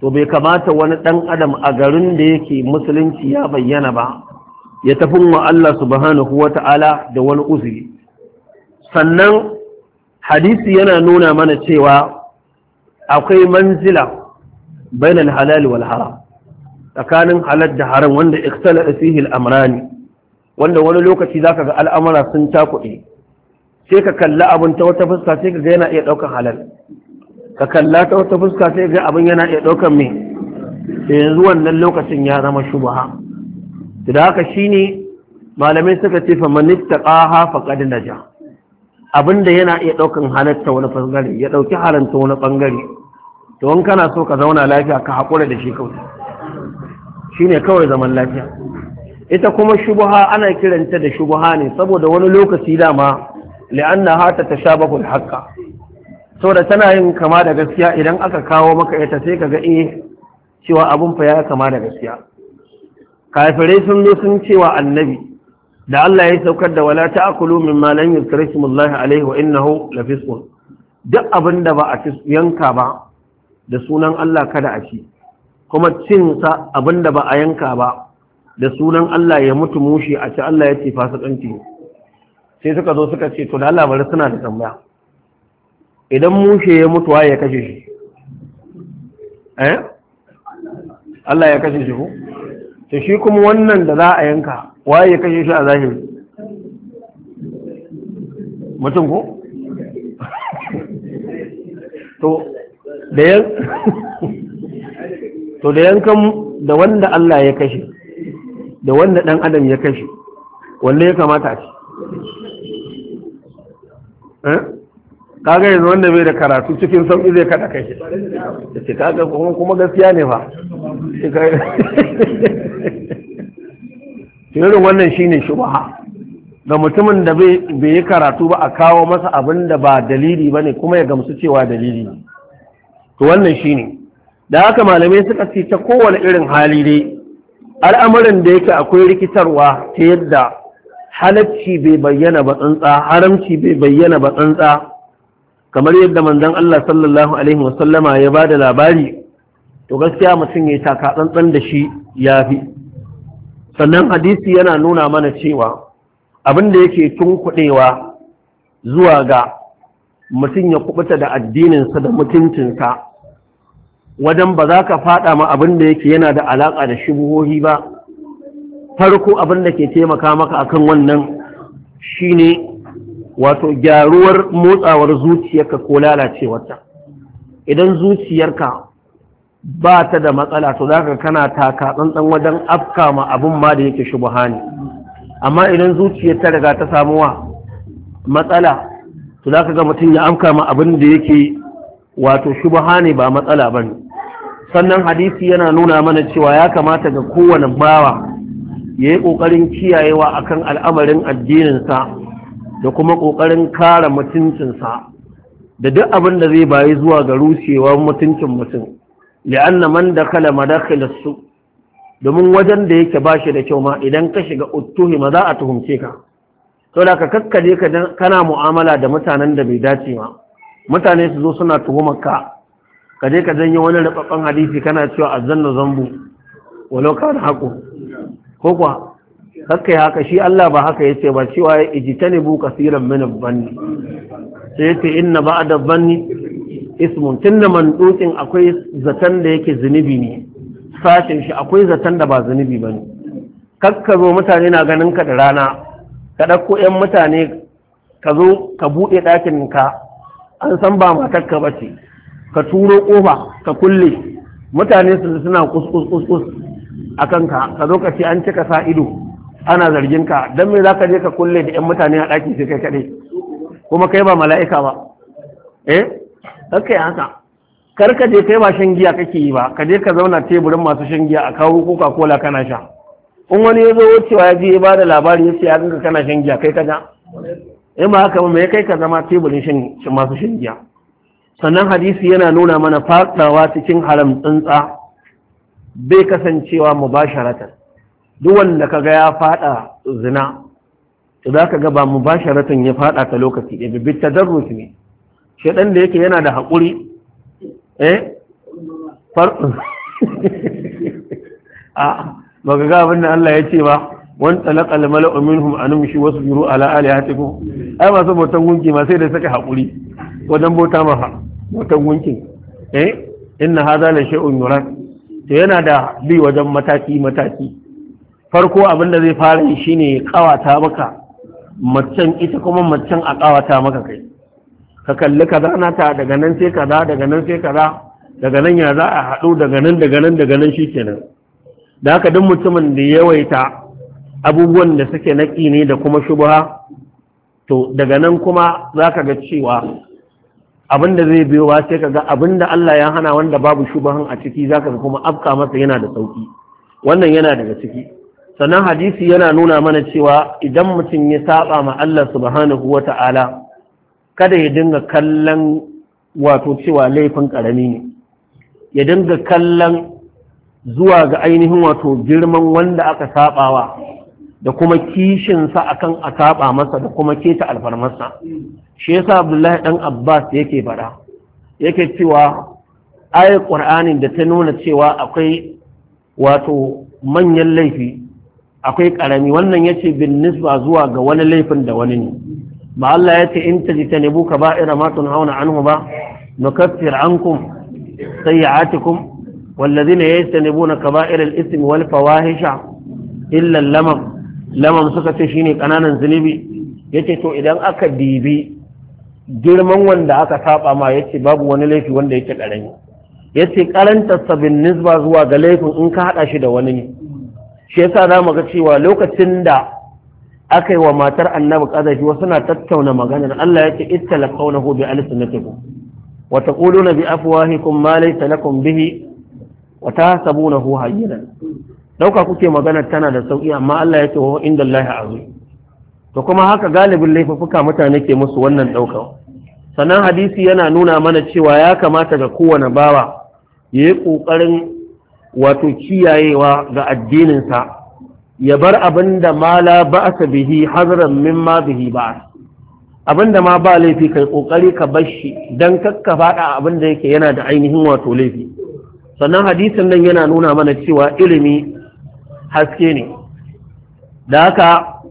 to bai kamata wani dan adam a garin da yake musulunci ya bayyana ba ya tafi wa Allah subhanahu wata'ala da wani uzuri sannan hadisi yana nuna mana cewa akwai manzila bainal halal wal haram tsakanin halal da haram wanda ikhtala fihi al-amrani wanda wani lokaci zaka ga al'amura sun takuɗe sai ka kalla abin ta wata fuska sai ka ga yana iya ɗaukan halal ka kalla ta wata fuska sai ga abin yana iya ɗaukan me yanzu wannan lokacin ya zama shubha da haka shine malamai suka ce fa man ittaqaha faqad najah Abin da yana iya ɗaukan halatta wani ɓangare ya ɗauki halatta wani ɓangare to wani kana so ka zauna lafiya ka haƙura da shi kawai ne kawai zaman lafiya ita kuma shubuha ana kiranta da shubuha ne saboda wani lokaci dama na hata ta sha al-haqqa saboda tana yin kama da gaskiya idan aka kawo maka ita sai ka ga eh cewa abin fa ya kama da gaskiya kafirai sun zo cewa annabi da Allah ya saukar da wala min mimma lam Allah alaihi wa innahu lafisqun duk abinda ba a yanka ba da sunan Allah kada a ci kuma cin sa abinda ba a yanka ba da sunan Allah ya mutu mushi a ci Allah ya ce fasikanci sai suka zo suka ce to da Allah bari suna da tambaya idan mushe ya mutu ya kashe shi eh Allah ya kashe shi ko ta shi kuma wannan da za a yanka waye ya kashe shi a zahiri mutum ko *laughs* *laughs* to da yankan da wanda Allah ya kashe da wanda ɗan adam ya kashe wanda ya kamata ce eh? kaga yanzu wanda bai da karatu cikin sauƙi zai kada kashe da ce kaga kuma gaskiya ne ba. *laughs* irin wannan shine shubha ga mutumin da bai yi karatu ba a kawo masa abin da ba dalili ba ne kuma ya gamsu cewa dalili to wannan shine da haka malamai suka ce ta kowane irin hali dai al'amarin da yake akwai rikitarwa ta yadda halacci bai bayyana ba tsantsa haramci bai bayyana ba tsantsa kamar yadda manzon Allah sallallahu alaihi wasallama ya bada labari to gaskiya mutum ya taka tsantsan da shi ya fi sannan hadisi yana nuna mana cewa abin da yake tun tunkuɗewa zuwa ga mutum ya kubuta da addininsa da mutuncinsa wajen ba za ka faɗa ma abin da yake yana da alaka da shubuhohi ba farko abin da ke taimaka maka akan wannan shine wato gyaruwar motsawar zuciyarka ko lalacewarta idan zuciyarka ba ta da matsala to zaka kana taka tsantsan wajen afka ma abin ma da yake shubuha amma idan zuciyar ta riga ta samu wa matsala to zaka ga mutum ya amka ma abin da yake wato shubhani ba matsala bane sannan hadisi yana nuna mana cewa ya kamata ga kowane bawa ya yi ƙoƙarin kiyayewa akan al'amarin addininsa da kuma ƙoƙarin kare mutuncinsa da duk abin da zai bayi zuwa ga rushewar mutuncin mutum li'anna man dakala madakhil su domin wajen da yake shi da kyau ma idan ka shiga uttuhi ma za a tuhumce ka to da ka kakkaje ka kana mu'amala da mutanen da bai dace ma mutane su zo suna tuhumar ka ka je ka janyo wani rababban hadisi kana cewa azanna zambu walau kana haƙo ko kuwa kakkai haka shi Allah ba haka yace ba cewa ijtanibu kaseeran min banni sai yace inna ba'da banni ismun tunda mandukin akwai zaton da yake zunubi ne sashin shi akwai zaton da ba zunubi ba ne kakka zo mutane na ganin ka da rana ka ɗakko 'yan mutane ka zo ka buɗe ɗakin ka an san ba matakka ba ce ka turo ƙofa ka kulle mutane su suna kuskus a kanka ka zo ka ce an cika sa ido ana zargin ka don mai za ka je ka kulle da 'yan mutane a ɗaki sai kai kaɗai kuma kai ba mala'ika ba eh kakka haka kar ka je kai ba shan giya kake yi ba ka je ka zauna teburin masu shan giya a kawo coca kola kana sha in wani ya zo wucewa ya je ya ba da labari ya siya ya ganka kana shan giya kai ka ja in ba haka mai kai ka zama teburin masu shan giya sannan hadisi yana nuna mana fadawa cikin haram tsantsa bai kasancewa mu sharatan duk wanda kaga ya fada zina to za ka ga ba sharatan ya fada ta lokaci ɗaya bi tadarrus ne shaɗan da yake yana da haƙuri eh *laughs* a ba ga abin da Allah ya ce ba wan talaqa al mala'u minhum an wasu juru ala alihatikum ai masu botan gunki ma sai da saka haƙuri wajen bota masa botan gunkin eh inna hadha la shay'un yurad to yana da bi wajen mataki mataki farko abin da zai fara shine kawata maka macen ita kuma macen a kawata maka kai ka kalli kaza na ta daga nan sai kaza daga nan sai kaza daga nan ya za a haɗu daga nan daga nan daga nan shikenan da haka duk mutumin da yawaita abubuwan da suke naƙi ne da kuma shubha to daga nan kuma za ka ga cewa abin da zai biyo ba sai ka ga abin da Allah ya hana wanda babu shubahan a ciki za ka kuma afka masa yana da sauki wannan yana daga ciki sannan hadisi yana nuna mana cewa idan mutum ya saba ma Allah subhanahu wa ta'ala kada ya dinga kallon wato cewa laifin ƙarami ne ya dinga kallon zuwa ga ainihin wato girman wanda aka sabawa da kuma kishinsa akan a saba masa da kuma keta alfarmarsa shi yasa abdullahi dan abbas yake faɗa yake cewa ayar qur'anin da ta nuna cewa akwai wato manyan laifi akwai karami wannan yace bin nisba zuwa ga wani laifin da wani ne ba Allah ya ce in ba kaba'ira ma hauna anhu ba ka ba sayyi'atikum isim يجتنبون كبائر الإثم والفواحش إلا suka ce shine kananan قنانا Ya ce to idan aka dibi girman wanda aka saba ma yace babu wani laifi wanda yake karami yace karanta sabin nisba zuwa ga laifin in ka hada shi da wani ne shi yasa mu ga cewa lokacin da aka yi wa matar annabi ƙazafi wasu na tattauna maganar Allah ya ce ittala qawluhu bi alsinatikum wa taquluna bi afwahikum ma laysa lakum bihi wa tahsabunahu hayyinan dauka kuke magana tana da sauki amma Allah ya ce wa inda Allah azim to kuma haka galibin laifuka mutane ke musu wannan dauka sannan hadisi yana nuna mana cewa ya kamata ga kowane bawa yayi kokarin wato kiyayewa ga addinin sa ya bar abin da ma la ba'sa bihi hazran mimma bihi ba abin da ma ba laifi kai kokari ka bar shi dan kakka fada abin da yake yana da ainihin wato laifi sannan hadisin nan yana nuna mana cewa ilimi haske ne da haka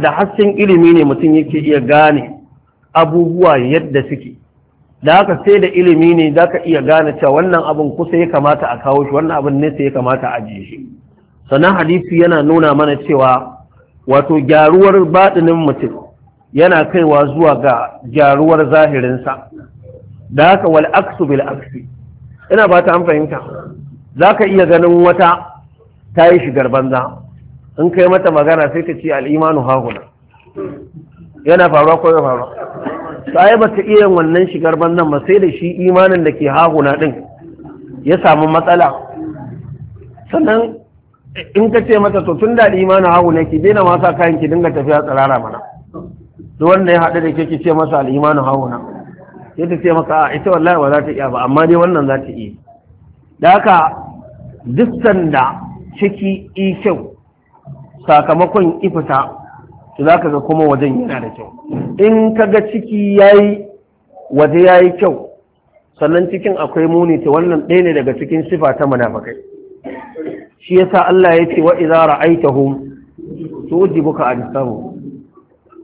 da hasken ilimi ne mutum yake iya gane abubuwa yadda suke da haka sai da ilimi ne za ka iya gane cewa wannan abin kusa ya kamata a kawo shi wannan abin nesa ya kamata a ajiye shi sannan hadisi yana nuna mana cewa wato gyaruwar baɗinin mutum yana kaiwa zuwa ga gyaruwar zahirinsa da haka wal aksu bil aksi ina ba ta an fahimta za ka iya ganin wata ta yi shigar banza in kai mata magana sai ka ce al'imanu hahuna yana faruwa ko ya faruwa ta yi ta iya wannan shigar banzan ba sai da shi imanin da ke hahuna din ya samu matsala sannan in ka ce masa to tun da imani hagu nake daina ma sa kayan ki dinga tafiya tsirara mana duk wanda ya haɗu da ke ki ce masa al'imanu hagu na ya ta ce maka a ita wallahi ba za ta iya ba amma dai wannan za ta iya da haka duk sanda ciki i kyau sakamakon ifita to za ka ga kuma wajen yana da kyau in ka ga ciki ya yi waje ya yi kyau sannan cikin akwai muni ta wannan ɗaya ne daga cikin sifa ta munafakai shi yasa Allah ya ce wa idza ra'aytahum tujibuka ajsamu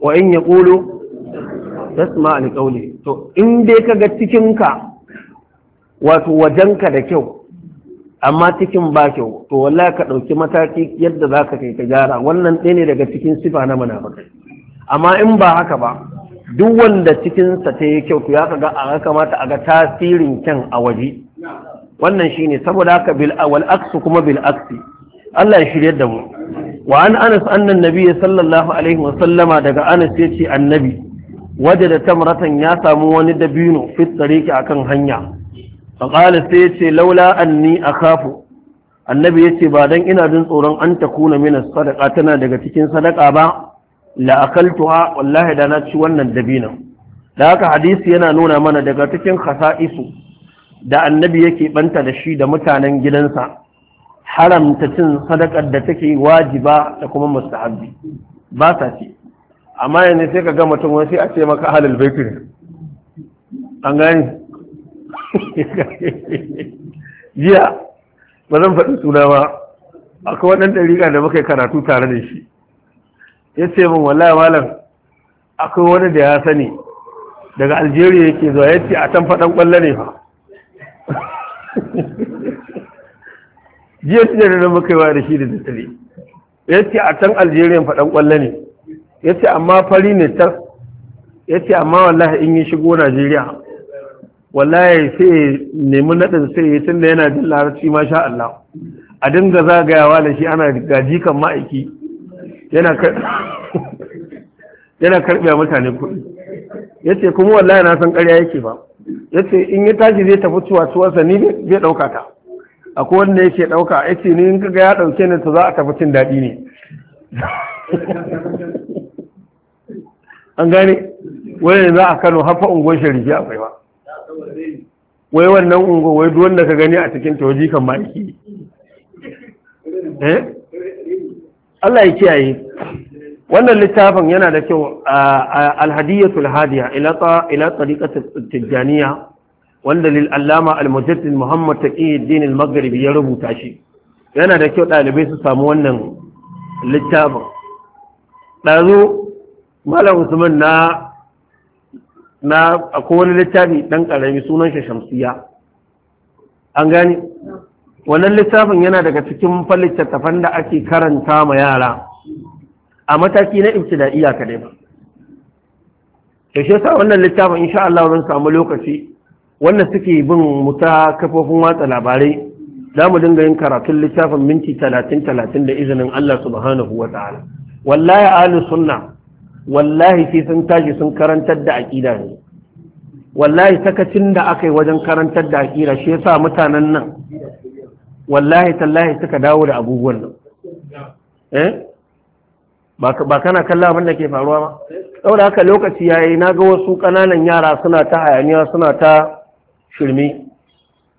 wa in yaqulu tasma li qawli to in dai kaga cikin ka wato wajenka da kyau amma cikin ba kyau to wallahi ka dauki mataki yadda zaka kai ka gyara wannan ɗaya ne daga cikin sifa na munafikai amma in ba haka ba duk wanda cikinsa ta yi kyau to ya kaga a kamata a ga tasirin kyan a waje wannan ne saboda haka bil kuma bil aksi Allah ya shirya da mu wa an anas annan nabi sallallahu alaihi wa sallama daga anas yace annabi wajada tamratan ya samu wani dabino fi tsariki akan hanya fa qala sai yace laula anni akhafu annabi yace ba dan ina jin tsoron an takuna min sadaqa tana daga cikin sadaqa ba la akaltuha wallahi da na ci wannan dabinan da haka hadisi yana nuna mana daga cikin khasa'isu da annabi yake banta da shi da mutanen gidansa haramta cin sadakar da take wajiba da kuma mustahabbi ba sa ce amma yanzu sai ka ga mutum wani sai a ce maka halal baiti an gani *laughs* jiya ba zan faɗi suna ba akwai waɗanda riga da muka yi karatu tare da shi ya ce min wallahi malam akwai wani da ya sani daga algeria yake zuwa ya ce a can faɗan ƙwallo ne fa jiya da da makaiwa da shi da daddare ya ce a can Aljeriya faɗan ƙwallo ne ya ce amma fari ne ta. ya ce amma wallahi in yi shigo najeriya wallahi sai ya nemi naɗin sai ya tun da yana jin larabci ma sha Allah a dinga zagayawa da shi ana gaji kan ma'aiki yana *laughs* karɓe mutane kuɗi ya ce kuma wallahi na san ƙarya yake ba ya ce in ya tashi zai tafi cewa tuwarsa ni zai ɗauka ta akwai wanda yake ɗauka ya ce ni in kaga ya ɗauke ni to za a tafi cin daɗi ne an gane wani za a kano hafa ungon sharifi a ba. wai wannan ungo wai duk wanda ka gani a cikin tawaji kan ma'aiki eh Allah ya kiyaye wannan littafin yana da kyau alhadiyatul hadiya ila tariqatul tijaniya wanda lil allama al-mujaddid muhammad taqiyuddin al-maghribi ya rubuta shi yana da kyau dalibai su samu wannan littafin dazu malam usman na na akwai wani littafi dan karami sunan shi shamsiya an gani wannan littafin yana daga cikin falittattafan da ake karanta ma yara a mataki na ibtida'iyya kadai ba da shi sa wannan littafin insha Allah zan samu lokaci wanda suke bin muta kafofin watsa labarai za mu dinga yin karatun littafin minti talatin talatin da izinin Allah subhanahu wa ta'ala wallahi ahli sunna wallahi sai sun tashi sun karantar da aƙida ne wallahi sakacin da aka yi wajen karantar da aƙida shi yasa mutanen nan wallahi tallahi suka dawo da abubuwan nan eh ba kana kalla abin da ke faruwa ba saboda haka lokaci yayi na ga wasu kananan yara suna ta hayaniya suna ta shirme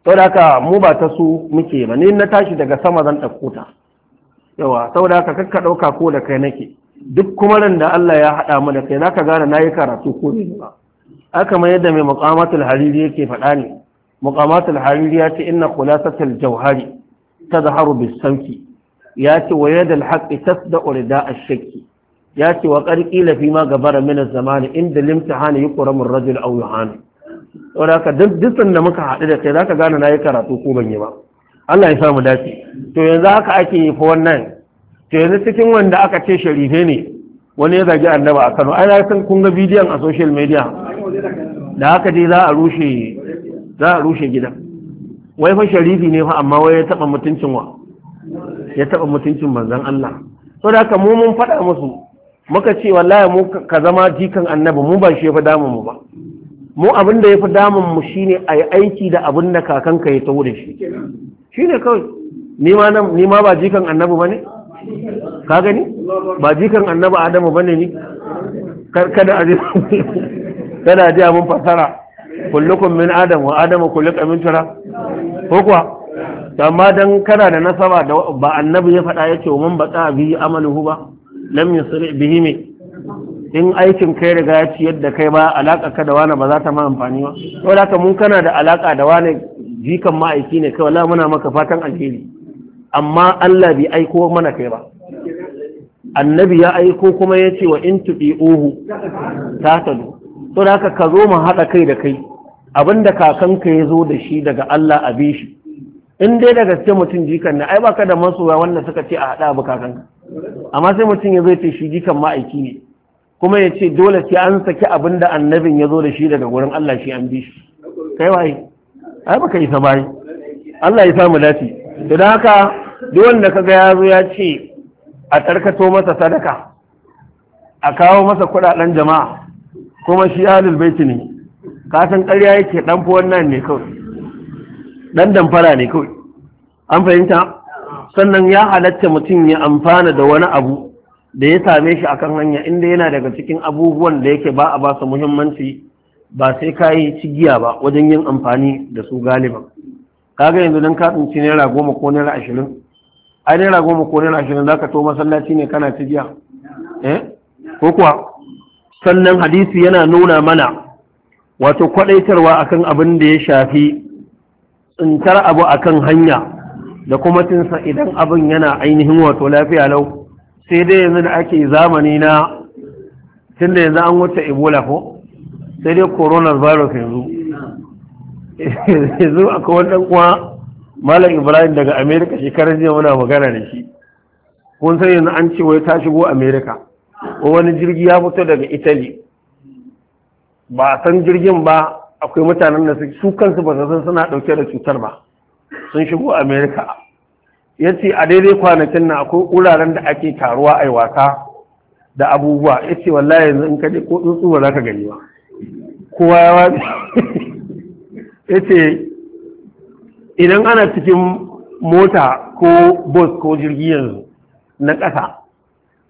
saboda haka mu ba ta su muke ba ni na tashi daga sama zan ɗauko ta yawa saboda haka kakka ɗauka ko da kai nake duk kuma ran da Allah ya haɗa mu da kai zaka gane na yi karatu ko ne ba Haka mai yadda mai muqamatul hariri yake faɗa ne muqamatul hariri ya ce inna khulasatul jauhari tazharu bis sauki ya ce wa yadda alhaƙi tasda urida a shakki ya ce wa ƙarƙi lafi ma gabara mina zamani inda limta hana yi ƙoramin rajul au yohana saboda haka dukkan da muka haɗu da kai za ka gane na yi karatu ko ban yi ba Allah ya samu dace to yanzu haka ake yi fa wannan to yanzu cikin wanda aka ce sharife ne wani ya zagi annaba a Kano ana san kun ga bidiyon a social media da haka dai za a rushe za a rushe gidan wai fa sharifi ne fa amma wai ya taɓa mutuncin wa ya taɓa mutuncin manzon Allah so da mu mun faɗa musu muka ce wallahi mu ka zama jikan annabi mu ba shi ya fi damun mu ba mu abin da ya fi damun mu shine a yi aiki da abin da kakanka ya taho da shi shine kawai ni ma ba jikan annabi ba ne ka gani ba jikan annabi adamu ba ne ni kada a kada a mun fasara kullukum min adam wa adamu kullukum min tura ko kuwa amma dan kana da nasaba da ba annabi ya faɗa yake wa man baqa bi amaluhu ba lam yusri bihi me in aikin kai riga ya ci yadda kai ba alaka ka da wani ba za ta ma amfani ba to da mun kana da alaka da wani jikan ma'aiki ne kai wallahi muna maka fatan alheri amma Allah bai aiko mana kai ba annabi ya aiko kuma ya ce wa in tuɗi'uhu ta tadu to da ka zo mu haɗa kai da kai abinda ka ya zo da shi daga Allah a bi shi in dai da gaske mutum jikan ne ai baka da masoya wanda suka ce a hada abu kakan amma sai mutum ya zai ce shi jikan ma'aiki ne kuma ya ce dole sai an saki abin da annabin ya zo da shi daga wurin Allah shi an bi shi kai waye ai baka isa bai Allah ya samu lati to haka duk wanda kaga ya zo ya ce a tarkato masa sadaka a kawo masa kudaden jama'a kuma shi alul baiti ne kasan ƙarya yake dan fi wannan ne kawai dan damfara ne kawai an fahimta sannan ya halatta mutum ya amfana da wani abu da ya same shi akan hanya inda yana daga cikin abubuwan da yake ba a ba su muhimmanci ba sai ka yi cigiya ba wajen yin amfani da su galiban kaga yanzu don ka ci naira goma ko naira ashirin A naira goma ko naira ashirin za ka to masallaci ne kana cigiya eh ko kuwa sannan hadisi yana nuna mana wato kwadaitarwa akan abin da ya shafi tsintar abu a kan hanya da kuma tinsa idan abin yana ainihin wato lafiya lau sai dai yanzu da ake zamani na tun da yanzu an wuce ebola ko sai dai coronavirus yanzu yanzu akwai wannan kuma malam ibrahim daga america shekarar jiya muna magana da shi kun san yanzu an ce wai ta shigo america ko wani jirgi ya fito daga italy ba a san jirgin ba akwai mutanen da su kansu ba san suna ɗauke da cutar ba sun shigo amerika ya ce a daidai kwanakin na akwai wuraren da ake taruwa a wasa da abubuwa ya ce wallahi yanzu in ka je ko tsuntsu ba za ka gani ba kowa ya wani *laughs* ya ce idan ana cikin mota ko bus ko jirgi yanzu na ƙasa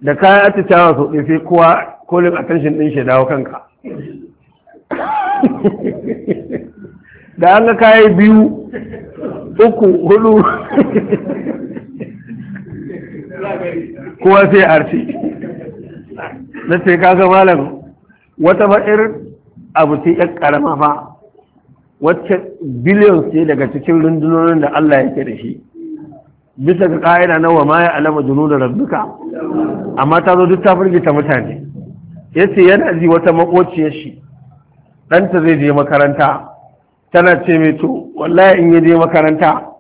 da kayan atisawa sau ɗaya sai kowa kolin attention ɗin shi dawo kanka da an ga kayi biyu uku hudu kowa sai arti na ce kaga malam wata fa'ir abu ce yan karama fa wacce biliyon sai daga cikin rundunonin da Allah yake da shi bisa ga ka'ida na wa maya alama junu da rabbuka amma ta zo duk ta firgita mutane yace yana ji wata makociyar shi ɗanta zai je makaranta tana ce mai to wallahi in ya je makaranta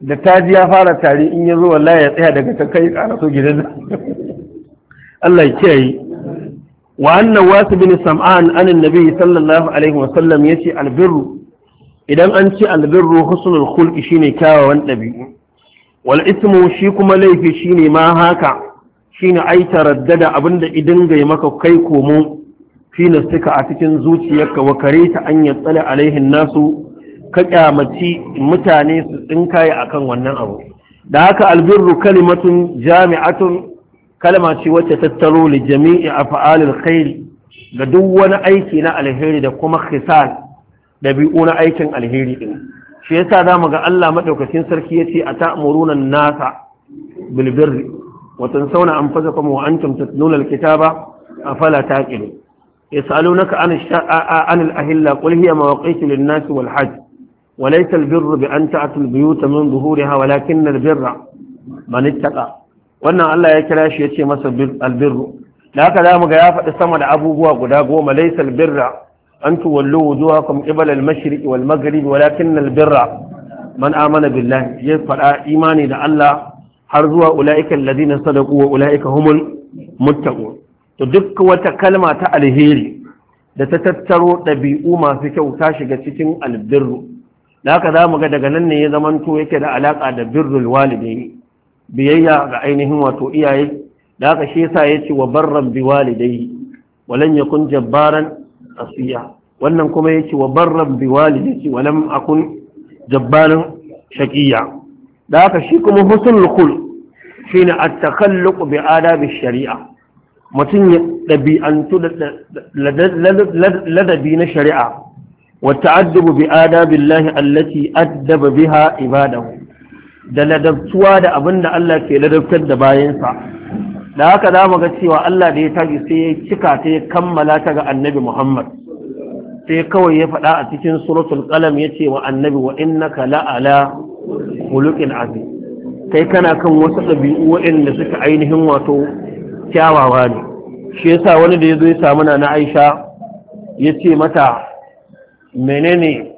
da ta ji ya fara tari in ya zo wallahi ya tsaya daga can kai ƙara so gidan *laughs* Allah ya kiyaye wa annan wasu bin sam'an anin nabi sallallahu alaihi wasallam ya ce albirru idan an ce albirru husnul khulqi shine kyawawan ɗabi'u wal ismu shi kuma laifi shine ma haka shine ai taraddada abinda idan gai maka kai komo fi nafsika a cikin zuciyarka wa karita an yatsala alaihin nasu ka kyamaci mutane su tsinkaye akan wannan abu da haka albirru kalimatun jami'atun kalma ce wacce tattaro li jami'i af'alil khair ga duk wani aiki na alheri da kuma khisal dabi'u na aikin alheri din shi yasa zamu ga Allah madaukakin sarki yace ata'muruna an-nasa bil birri wa tansawna anfusakum wa antum tatluna al-kitaba afala taqilun يسألونك عن عن الأهلة قل هي مواقيت للناس والحج وليس البر بأن تأتوا البيوت من ظهورها ولكن البر من اتقى wannan Allah ya kira shi ya ce masa albirru da haka za mu ga ya faɗi sama da abubuwa guda goma laisal birra an tuwallu wujuhakum qibala al-mashriq wal maghrib walakin al-birra man amana billahi ya faɗa imani da Allah har zuwa ulaika alladhina sadaqu wa ulaika humul muttaqun to duk wata kalma ta alheri da ta tattaro ɗabi'u masu kyau ta shiga cikin albirru da haka za mu ga daga nan ne ya zamanto yake da alaƙa da birrul walidai biyayya ga ainihin wato iyaye da haka shi yasa yace wa barran bi walidai walan yakun jabbaran asiya wannan kuma yace wa barran bi walidai walam akun jabbaran shaqiya da haka shi kuma husnul khul shine at-takhalluq bi adabi shari'a mutum ya ɗabi'antu ladabi na shari'a wa ta'addubu bi adabillahi allati addaba biha ibadahu da ladabtuwa da abin da Allah ke ladabtar da bayansa da haka za mu ga cewa Allah da ya tafi sai ya cika ta ya kammala ta ga annabi Muhammad sai kawai ya faɗa a cikin suratul qalam ce wa annabi wa innaka la'ala khuluqin azim kai kana kan wasu ɗabi'u waɗanda suka ainihin wato kyawawa ne shi yasa wani da ya zo ya samu na aisha ya ce mata menene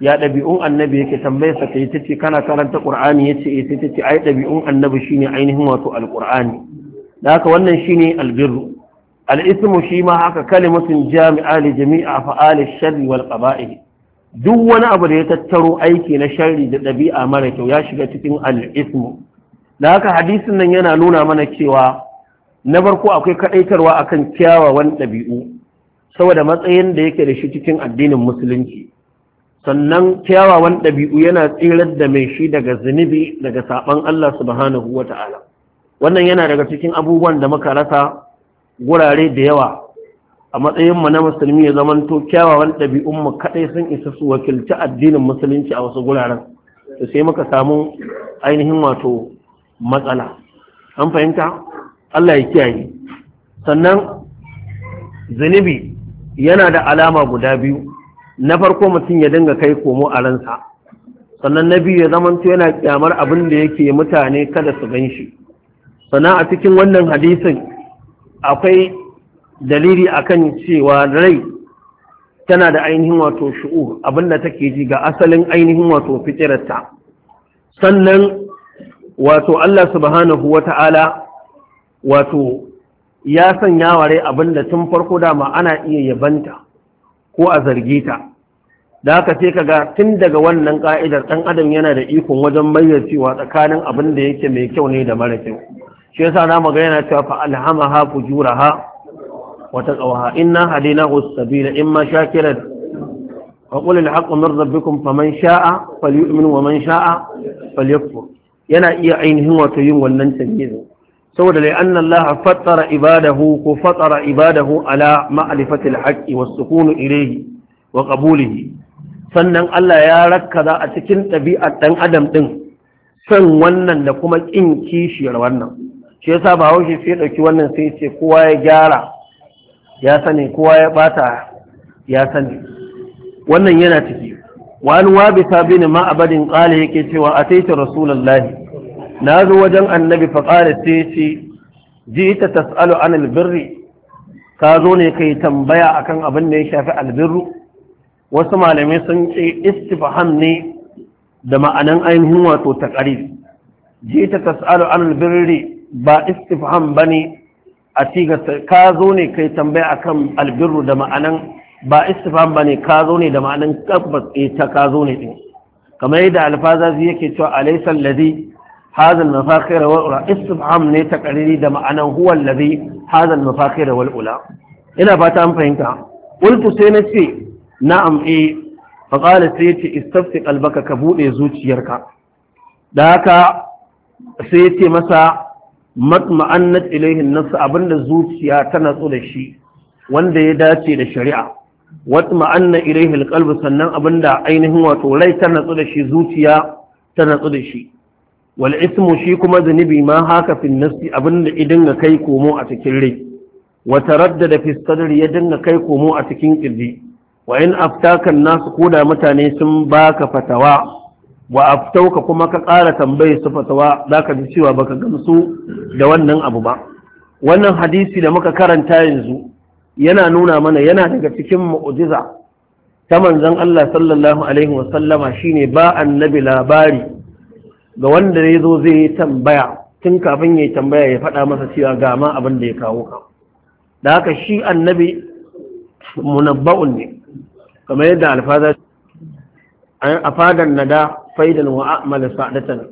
ya ɗabi'un annabi yake tambayarsa ta yi ta ce kana karanta ƙur'ani ya ce eh, ta ce ai ɗabi'un annabi shi ne ainihin wato alƙur'ani da haka wannan shi ne albirru al'ismu shi ma haka kalimatun jami'a li jami'a fa'ali sharri wal duk wani abu da ya tattaro aiki na sharri da ɗabi'a mara kyau ya shiga cikin al'ismu da haka hadisin nan yana nuna mana cewa na farko akwai kaɗaitarwa a kan kyawawan ɗabi'u saboda matsayin da yake da shi cikin addinin musulunci sannan kyawawan ɗabi'u yana tsirar da mai shi daga zunubi daga saɓan Allah subhanahu wa ta'ala wannan yana daga cikin abubuwan da muka rasa gurare da yawa a matsayin mu na musulmi ya zamanto kyawawan ɗabi'un mu kaɗai sun isa su wakilci addinin musulunci a wasu guraren to sai muka samu ainihin wato matsala an fahimta Allah ya kiyaye sannan zunubi yana da alama guda biyu na farko mutum ya dinga kai komo a ransa sannan na biyu ya zamanto yana kyamar abin da yake mutane kada su gan shi sannan a cikin wannan hadisin akwai dalili akan cewa rai tana da ainihin wato shu'ur abin da take ji ga asalin ainihin wato fitirarta sannan wato Allah subhanahu wata'ala wato ya sanya ware abin da tun farko dama ana iya yabanta ko a zarge ta da haka ka kaga tun daga wannan ka'idar ɗan adam yana da ikon wajen bayyancewa tsakanin abin da yake mai kyau ne da mara kyau shi yasa na maga yana cewa fa alhamaha fujuraha wa taqwaha inna Hadina, as-sabila qul al وقل min rabbikum faman sha'a falyu'min wa man Sha'a, falyakfur yana iya ainihin wato yin wannan tamyizin saboda lai anna Allah fatara ibadahu ko fatara ibadahu ala ma'rifatil haqqi was sukunu ilayhi wa qabulihi sannan Allah ya rakkaza a cikin ɗabi'a ɗan adam ɗin san wannan da kuma ƙin kishiyar wannan shi yasa ba haushe sai ɗauki wannan sai ce kowa ya gyara ya sani kowa ya ɓata ya sani wannan yana ciki wani wabi sabi ne ma abadin ƙala yake cewa a taita rasulallahi na zo wajen annabi faƙari sai ce ji ta tas'alu an albirri ka zo ne kai tambaya akan abin da ya shafi albirru wasu malamai sun ce istifham ne da ma'anan ainihin wato ta ƙari. ji ta tas'alu an albirri ba ba ne a ciga ka zo ne kai tambaya akan albirru da ma'anan ba ba ne ka zo ne da ma'anan tabbas eh ta ka zo ne din kamar yadda alfazazi yake cewa alaysa ladi. هذا المفاخر والأولى استفهام ne takariri da ma'anan huwa allazi hadha al-mafakhir wal ula ina fata an fahimta qultu sai na ce na'am eh fa qala sai ce istafti qalbaka ka buɗe zuciyarka da haka sai ya ce masa matma'annat ilayhi an-nafs abinda zuciya ta natsu da shi wanda ya dace da shari'a watma'anna ilayhi al-qalb sannan abinda ainihin wato rai ta natsu da shi zuciya ta natsu da shi wal ismu shi kuma zunubi ma haka fi nafsi abinda idan ga kai komo a cikin rai wa taraddada fi sadri ya dinga kai komo a cikin kirji wa in aftaka nasu koda mutane sun baka fatawa wa aftauka kuma ka ƙara tambaye su fatawa zaka ji cewa baka gamsu da wannan abu ba wannan hadisi da muka karanta yanzu yana nuna mana yana daga cikin mu'jiza ta manzon Allah sallallahu alaihi wasallama shine ba annabi labari ga wanda ya zo zai yi tambaya tun kafin ya tambaya ya faɗa masa cewa ga ma abin da ya kawo ka da haka shi annabi munabba'un ne kamar yadda alfada a fadan da faidan wa a'mala sa'datan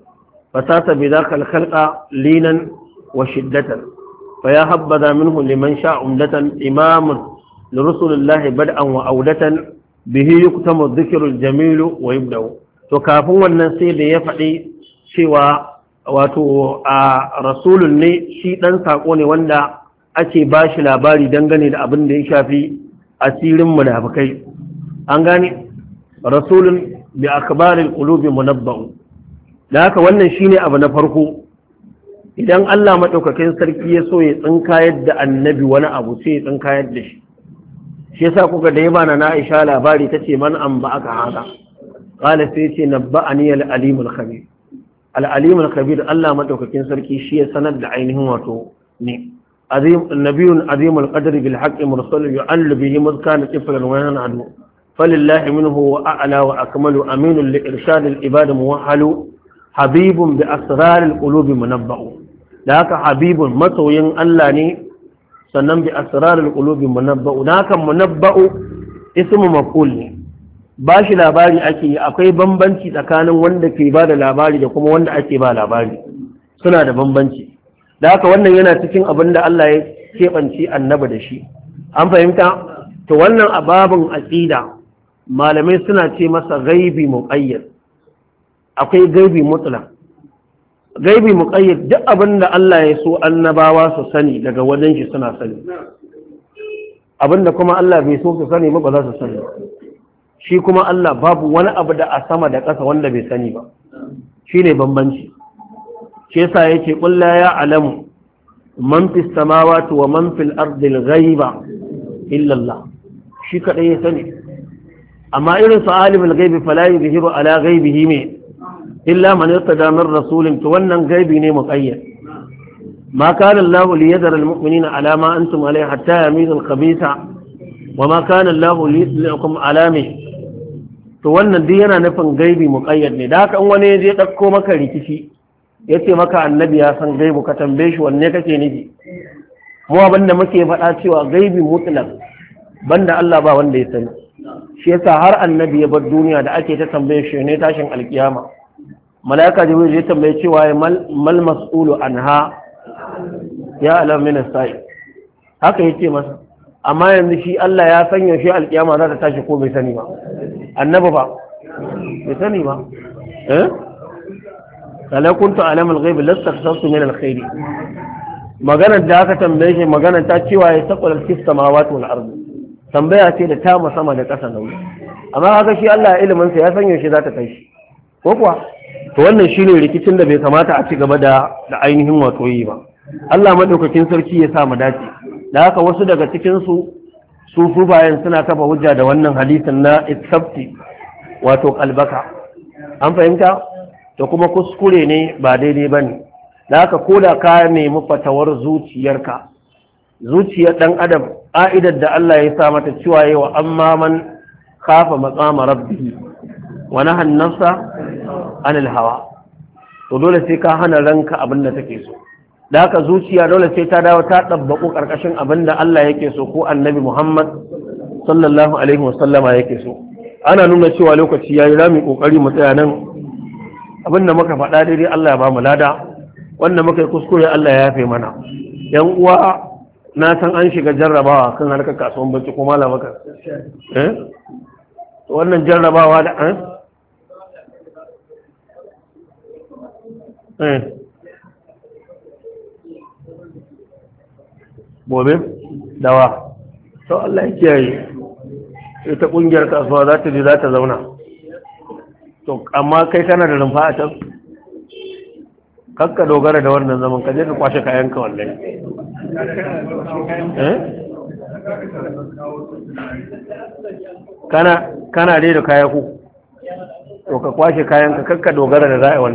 fasata bi dhaka al linan wa shiddatan fa ya habbaza minhu liman sha'a umdatan imamun li rasulillahi bad'an wa audatan bihi yuktamu dhikru jamil wa yubda to kafin wannan sai da ya faɗi cewa wato a rasulun ne shi ɗan sako ne wanda ake ba shi labari dangane da abin da ya shafi asirin munafukai an gane rasulun bi akbarin qulubi munabba'u da haka wannan shine abu na farko idan Allah maɗaukakin sarki ya so ya tsinka yadda annabi wani abu sai ya tsinka yadda shi shi yasa kuka da yaba na Aisha labari ta ce man an ba aka haka qala sai ce nabba'ani al-alimul khabir al'alimul kabir Allah madaukakin sarki shi ya sanar da ainihin wato ne nabiyun azimul kadari bil haqqi mursalun yu'allu bihi muzkana qiflan wa yanadu falillahi minhu wa a'ala wa akmalu aminul li irshadil ibad muwahhalu habibun bi asraril qulubi munabba'u da haka habibun masoyin Allah ne sannan bi asraril qulubi munabba'u da haka munabba'u ismu maf'ul ne ba shi labari ake yi akwai bambanci tsakanin wanda ke ba da labari da kuma wanda ake ba labari suna da bambanci da haka wannan yana cikin abin da Allah ya keɓance annaba da shi an fahimta to wannan a aƙida malamai suna ce masa gaibi muƙayyar akwai gaibi mutlaq gaibi muƙayyar duk abin da Allah ya so annabawa su sani daga wajen shi suna sani abin kuma Allah bai so su sani ba ba za su sani shi kuma Allah babu wani abu da a sama da ƙasa wanda bai sani ba shi ne bambanci shi ya ce ƙulla ya alamu man fi samawati wa man fil ardi al-ghaiba shi kadai ya sani amma irin su alimul ghaibi fala yuzhiru ala gaibi ghaibihi me illa man irtada min rasulin to wannan gaibi ne muqayyad ma kana Allah li yadhara al-mu'minina ala ma antum alayhi hatta yamiza al-khabitha وما كان الله ليطلعكم على من to wannan duk yana nufin gaibi muƙayyad ne da haka in wani ya je ɗauko maka rikici ya ce maka annabi ya san gaibu ka tambaye shi wanne kake nufi mu abin da muke faɗa cewa gaibi mutlaq banda Allah ba wanda ya sani shi yasa har annabi ya bar duniya da ake ta tambaye shi ne tashin alkiyama malaika da ya tambaye cewa mal mas'ulu anha ya alam min sai haka yake masa amma yanzu shi Allah ya sanya shi alkiyama za ta tashi ko bai sani ba annabi ba bai sani ba eh ala kuntu alamul ghaib lastakhsasu min alkhayr maganar da aka tambaye shi maganar ta cewa ya sakwal ma samawati wal ardi tambaya ce da ta sama da kasa nauyi amma haka shi Allah ilimin sa ya sanya shi za ta kai shi ko kuwa to wannan shine rikicin da bai kamata a ci gaba da da ainihin wato yi ba Allah madaukakin sarki ya sa mu dace da haka wasu daga cikin su su bayan suna kafa hujja da wannan hadisin na isabti wato kalbaka an fahimta To kuma kuskure ne ba daidai ba ne da aka koda ka nemi fatawar zuciyarka zuciyar ɗan adam ƙa'idar da Allah ya sa mata cewa yi wa amma man kafa matsama rabbi wani hannarsa anil hawa to dole sai ka hana ranka abin da take so da haka zuciya dole sai ta dawo ta ɗabbaƙo ƙarƙashin abin da Allah yake so ko annabi Muhammad sallallahu alaihi wasallama yake so ana nuna cewa lokaci yayi rami kokari mu tsaya nan abin da muka faɗa daidai Allah ya ba mu lada wanda muka yi kuskure Allah ya yafe mana yan uwa na san an shiga jarrabawa kan harkar kasuwan bacci ko malamaka eh wannan jarrabawa da an eh, eh. gobe dawa to Allah ya kiyaye ita kungiyar kasuwa za ta je za ta zauna to amma kai kana da rumfa a can kakka dogara da wannan zaman ka je ka kwashe kayan ka wallahi eh kana kana dai da kaya ku to ka kwashe kayan ka kakka dogara da za'a wannan